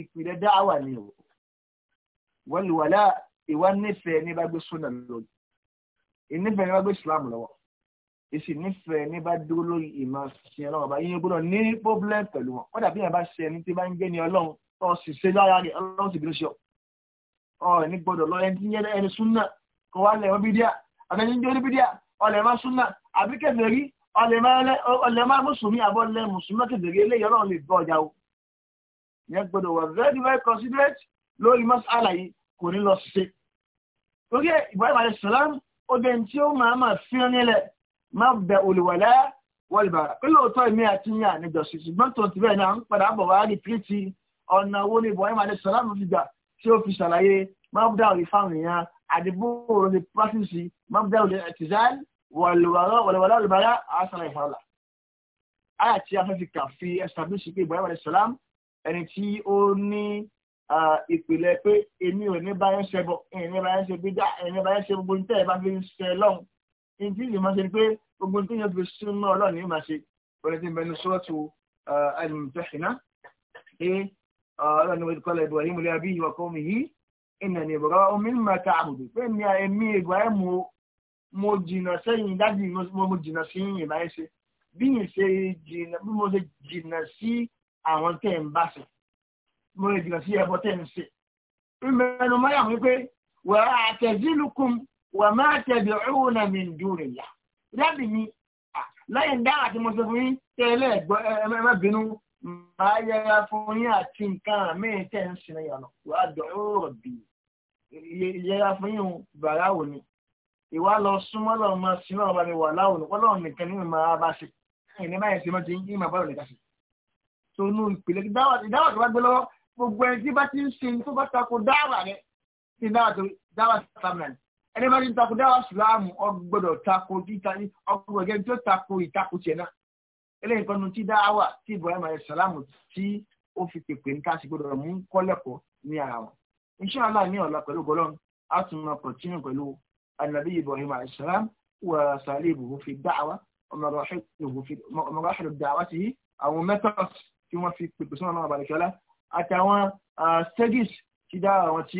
ìpìlẹ̀ dáwà ni o wọ́n lè wà lá ìwà nífẹ̀ẹ́ ní bá gbé súnà lórí ìnífẹ̀ẹ́ ní bá gbé Islam lọ́wọ́ èsì nífẹ̀ẹ́ ní bá dúró lórí ìmọ̀ sí ọlọ́run bá yín gbọ́dọ̀ ní problem pẹ̀lú wọn kọ́dà bí yẹn bá ṣe ẹni tí bá ń gbé ní ọlọ́run tó sì ṣe lára rẹ̀ ọlọ́run sì bí ó ṣe ọ ní gbọ́dọ̀ lọ ẹni tí ń yẹ ẹni súnà kọ́ wá lẹ̀ wọ́n bídíà ọlẹ̀mọ́ súnà àbí kèfèrí ọlẹ̀mọ́ mùsùlùmí àbọ̀ lẹ mùsùlùmí kèfèrí eléyìí ọlọ́run lè gbọ́ ọjà o yẹn gbọdọ̀ wà very very considerate lórí mọ́sálà yìí kò ní lọ ṣe torí Ibrahim alayhi salam ó dé ní tí ó máa máa fi ń nílẹ̀ má bẹ olùwàlẹ́ wọlùbàrà pé lóòótọ́ ìmí àti ìyá níjọsí ṣùgbọ́n tó ti bẹ́ẹ̀ náà ń padà bọ̀ wá rí pírítì ọ̀nà owó ní Ibrahim alayhi salam fi gbà tí ó fi ṣàlàyé má bẹ àwọn ìfáwọn èèyàn àdìbò ní pàṣíṣì mọ́bdá òní ẹ̀tìzáì wọ̀lọ̀wọ̀lọ̀ olùbárá àásán ìfàlà. Àyà tí a fẹ́ fi kà fi ẹ̀sàbíṣì pé ìbáyọ̀ ìsàlám ẹni tí ó ní ìpìlẹ̀ pé èmi ò ní báyọ̀ ṣe bọ̀, èmi ní báyọ̀ ṣe gbígbà, èmi ní báyọ̀ ṣe gbogbo ní tẹ́lẹ̀ bá fi ń ṣe lọ́hùn. Ní tí ìyẹn máa ṣe ni pé gbogbo tí yẹn fi súnmọ́ ọlọ́run máa ṣe, ọ̀rẹ́ ti bẹnu sọ́ọ̀tù ẹ̀ẹ́dùn tẹ̀sínà. Ṣé ọlọ́run wọ́n ti kọ́lẹ̀ ìbùwà yìí mo lé abí ìwà kọ́ mi yìí? ìnàní ìbọ̀rọ̀ omi ń mẹ́ta àbùdù pé mi èmi ìgbà ẹ̀ mo mo jìnnà sẹ́yìn dájú mo jìnnà sí ìyìn báyìí ṣe bí yìí ṣe jìnnà bí mo ṣe jìnnà sí àwọn tẹ̀ ń bá ṣe mo ṣe jìnnà sí ẹbọ tẹ̀ ń ṣe. ìmẹ̀nu mọ́yà mi pé wà á tẹ̀sílùkùn má tẹ̀bi òun náà mi ń dúró yá. lábì mi lẹ́yìn dáhà tí mo ṣe fún yín tẹ́lẹ̀ gbọ́ ẹ̀ẹ́mẹ́bìnú máa yẹra fún yín àti nǹkan àmì ń ṣe náà yànnà wà ìyẹra fún yìí bàrá wò ni ìwà lọ súnmọ́ lọ mọ sí náà bá mi wà láwùn ọlọ́run nìkan ní ìmọ̀ bá ṣe ẹ̀yìn ní báyìí ṣe mọ́ ti ń ìmọ̀ bá òní kàṣe. tó nu ìpìlẹ̀ ìdáwà tó bá gbé lọ́wọ́ gbogbo ẹni tí bá ti ń ṣe tó bá tako dáwà rẹ̀ ti dáwà tó dáwà sàmìlàn ẹni bá ti ń tako dáwà sùlámù ọgbọ́dọ̀ tako títa ọgbọ́dọ̀ gẹ́gẹ́ tó tako ìtako tiẹ̀ náà eléyìí kan nu ti dáwà tí Ibrahim alayhi salamu tí ó fi pèpè ní káṣí gbọ́dọ̀ mú kọ́lẹ́kọ̀ọ́ ní ara wọn. inṣáàlá ní ọ̀la pẹ̀lú gọlọ́n a tún máa kọ̀tínú pẹ̀lú anabi ibrahim alayhisalaam wa salibuhu fi da'wa ọmọláhìlú da'wa ti àwọn methods tí wọ́n fi pèpè sọ́nà náà balẹ̀kẹ́lá àtàwọn stages ti dá àwọn tí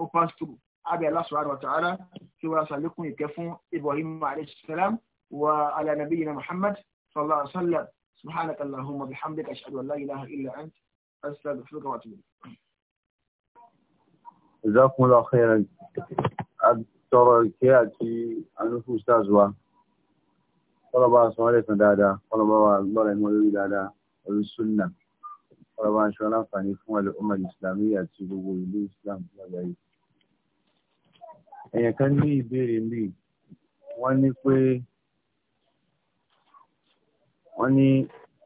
ó pass through abẹ́ Allah subhanahu wa ta'ala kí wọ́n sàlékún ìkẹ́ fún ibrahim alayhisalaam wa ala nabiyyina muhammad sallallahu alaihi wa sallam subhanaka allahumma bihamdika ashhadu an la ilaha illa ant astaghfiruka wa atubu ilayk Jazakumullahu khairan àtọrọ ìkẹ́ àti ànúfù stars wa kọlọba sọ lẹ́sàn dáadáa kọlọba wa lọ́rẹ̀ mọ́ lórí dáadáa orí súnà kọlọba aṣọ aláǹfààní fún alẹ́ ọmọ ìsìlámù àti gbogbo ìlú ìsìlámù lágbàáyé èèyàn kan ní ìbéèrè míì wọ́n ní pé wọ́n ní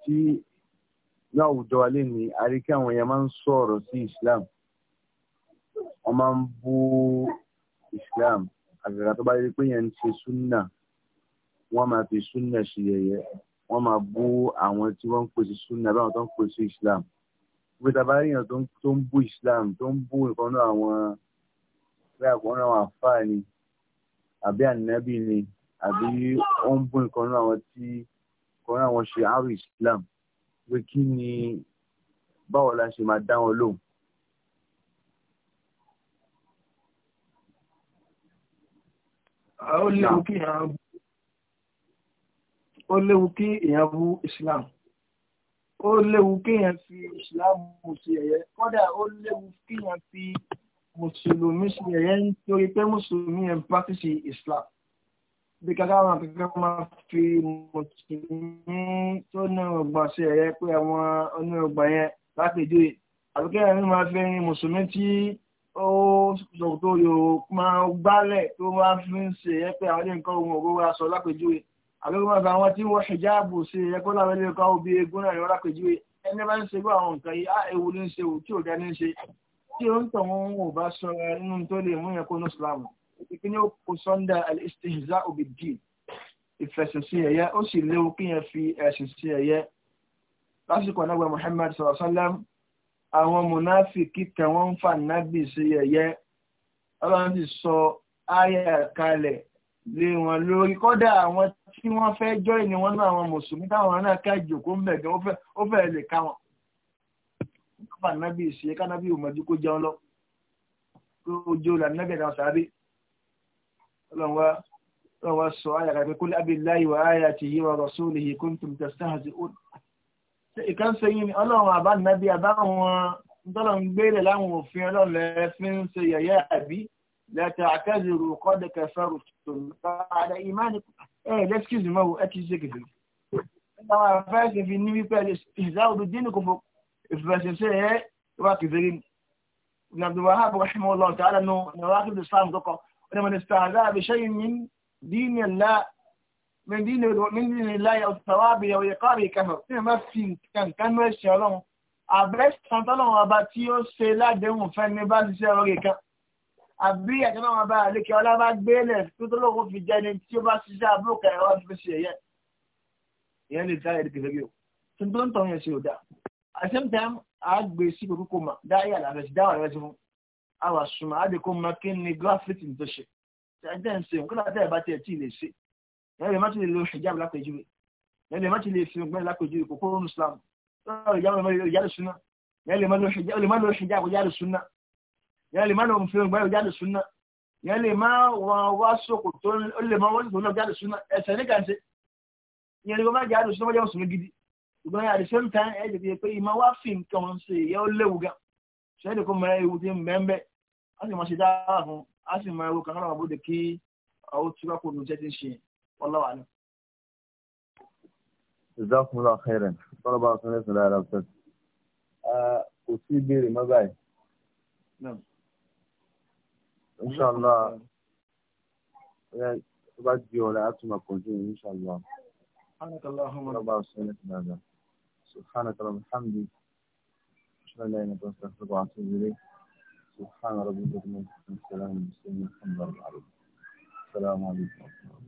tí láwùjọ alẹ́ ní àríkẹ́ àwọn èèyàn máa ń sọ̀rọ̀ sí ìsìlámù wọ́n máa ń bú Islam àgbàgbà tó bá rí pé yẹn ń ṣe súnà wọ́n máa fi súnà ṣe yẹ̀yẹ́ wọ́n máa bú àwọn tí wọ́n ń pèsè súnà báwọn tó ń pèsè Islam wípé tá a bá rí èèyàn tó ń bú Islam tó ń bú nǹkan náà àwọn bẹ́ẹ̀ àkọ́nà àwọn àfáà ni àbí ànábì ni àbí ó ń bú nǹkan náà àwọn tí nǹkan náà àwọn ṣe àrùn Islam pé kí ni báwo la ṣe máa dá wọn lóhùn ó léwu kí èèyàn ó léwu kí èèyàn bú islam ó léwu kí èèyàn fi islam mú sí ẹ̀yẹ kódà ó léwu kí èèyàn fi mùsùlùmí sí ẹ̀yẹ nítorí pé mùsùlùmí yẹn pàtìsì islam bí kankan àwọn akẹ́kọ̀ọ́ máa fi mùsùlùmí tó ní ọgbà sí ẹ̀yẹ pé àwọn onírọ̀gbà yẹn lápèjúwe àbíkẹ́yà ni máa fi ẹni mùsùlùmí tí ó tó yóò máa gbálẹ̀ tó wá fi ń ṣe ẹ pé àwọn ilé nǹkan ohun ògbó wa sọ lápèjúwe àbẹ́gbẹ́ máa bá àwọn tí wọ́n ṣèjáàbù ṣe ẹ pé láwọn ilé nǹkan obì egun náà yọ lápèjúwe ẹni bá ń ṣe bí àwọn nǹkan yìí á ewu ní ṣe tí ò dání ṣe tí ó ń tọ̀ wọn ò bá ṣọ́ra nínú tó lè mú yẹn kó ní ìsìlámù ìpínlẹ̀ kò sọ́ndà al-istihza obìdì ìfẹ̀sìn sí ẹ̀yẹ ó sì léwu kí yẹn fi ẹ̀sìn sí ẹ̀yẹ lásìkò anábẹ́ Muhammad sallallahu alaihi wa sallam àwọn mùnáfìkì kan wọ́n ń fà nábì sí yẹ̀yẹ́ ọlọ́run ti sọ ayé kalẹ̀ lé wọn lórí kódà àwọn tí wọ́n fẹ́ jọ́ ìní wọn náà àwọn mùsùlùmí táwọn náà ká ìjòkó ń bẹ̀gẹ́ ó fẹ́ lè ká wọn. kábà nábì ṣe kánábì òmòdì kó jẹun lọ kó ojú ọ̀la nẹ́gẹ̀dẹ̀ àwọn sàábì ọlọ́run wá sọ ayé kalẹ̀ pé kul abillahi wa ayatihi wa rasulihi kuntum tastahzi'un ìkan ṣe yín ni ọlọ́run àbánábí àbáwọn tọ́lọ̀ ń gbélé láwọn òfin ọlọ́run lẹ́ fi ń ṣe yẹ̀yẹ́ àbí lẹ́tà àkẹ́zìrò kọ́dẹ̀ kẹfẹ́rù tó ń bá àdá ìmáàní ẹ̀ lẹ́tíkìsì mọ́ ẹ ti ṣe kìkì. àwọn afẹ́sẹ̀ fi ní wípé ìzáwùdú dínú kò ìfẹsẹ̀ṣẹ̀ ẹ̀ wá kìfẹ́rì ní abdulwahab ní wákìlì islam kọ́kọ́ ọ̀nà mọ̀nìsítà من دين من دين الله أو الثواب أو عقاب كفر tí wọ́n bá fi nǹkan kan ẹ̀ṣẹ̀ ọlọ́run àbẹ́sàn tọ́lọ́run ọba tí ó ṣe ládéhùn fẹ́ni bá ṣiṣẹ́ ọ̀rẹ́ kan àbí àtọ́nà ọba àlékè ọlá bá gbélẹ̀ tó tó lóun fi jẹni tí ó bá ṣiṣẹ́ àbúròkà ẹ̀rọ fi ṣe ẹ̀yẹ ìyẹn lè dá ẹ̀dẹ̀kẹ̀ lórí o tí tó ń tọ̀yìn ṣe ò dá at the same time a gbé sí kókó kó mà dáyà làbẹ̀sì dáwà rẹ̀ ti fún àwà sùnmọ́ àdìkó mọ́ kí ni graffiti tó ṣe tẹ́tẹ́ ń ṣe nǹkan láti ẹ̀ bá tiẹ̀ tí ì lè ṣe lẹ́lẹ̀ má ti lè lo hijab lápẹ̀júwe lẹ́lẹ̀ má ti lè fi ọgbẹ́ lápẹ̀júwe kòkòrò islam lọ́rọ̀ sunna lẹ́lẹ̀ má lo hijab ìjáde sunna lẹ́lẹ̀ má lo fi ọgbẹ́ ìjáde sunna lẹ́lẹ̀ má wà wá sókò tó lè má wọ́n tó lọ ìjáde sunna ẹ̀sẹ̀ ní kàǹtì ìyẹn ló má jáde sunna wọ́n jẹ́ mùsùlùmí gidi ìgbọ́n yà àdìsẹ́ ń tan ẹ̀ jẹ́ pé ìmọ̀ wá fi nǹkan wọn ṣe ìyẹn ó léwu gan ṣẹ́ẹ́dẹ̀ kó mọ ewu ti mẹ́ńbẹ́ á sì mọ̀ ṣe dáhà fún á sì mọ ewu kankan náà wà bóde kí ó túbọ̀ kó nu jẹ́ والله أعلم جزاكم الله خيرا طلبة رسول الله عليه ا أصيب بيري ما باي نعم إن شاء الله ردي يعني ولا أتم كنتين إن شاء الله سبحانك اللهم رب العالمين سبحانك اللهم الحمد لله أن لا إله إلا أنت أستغفرك وأتوب إليك سبحان ربي رب العالمين السلام عليكم ورحمة الله وبركاته السلام عليكم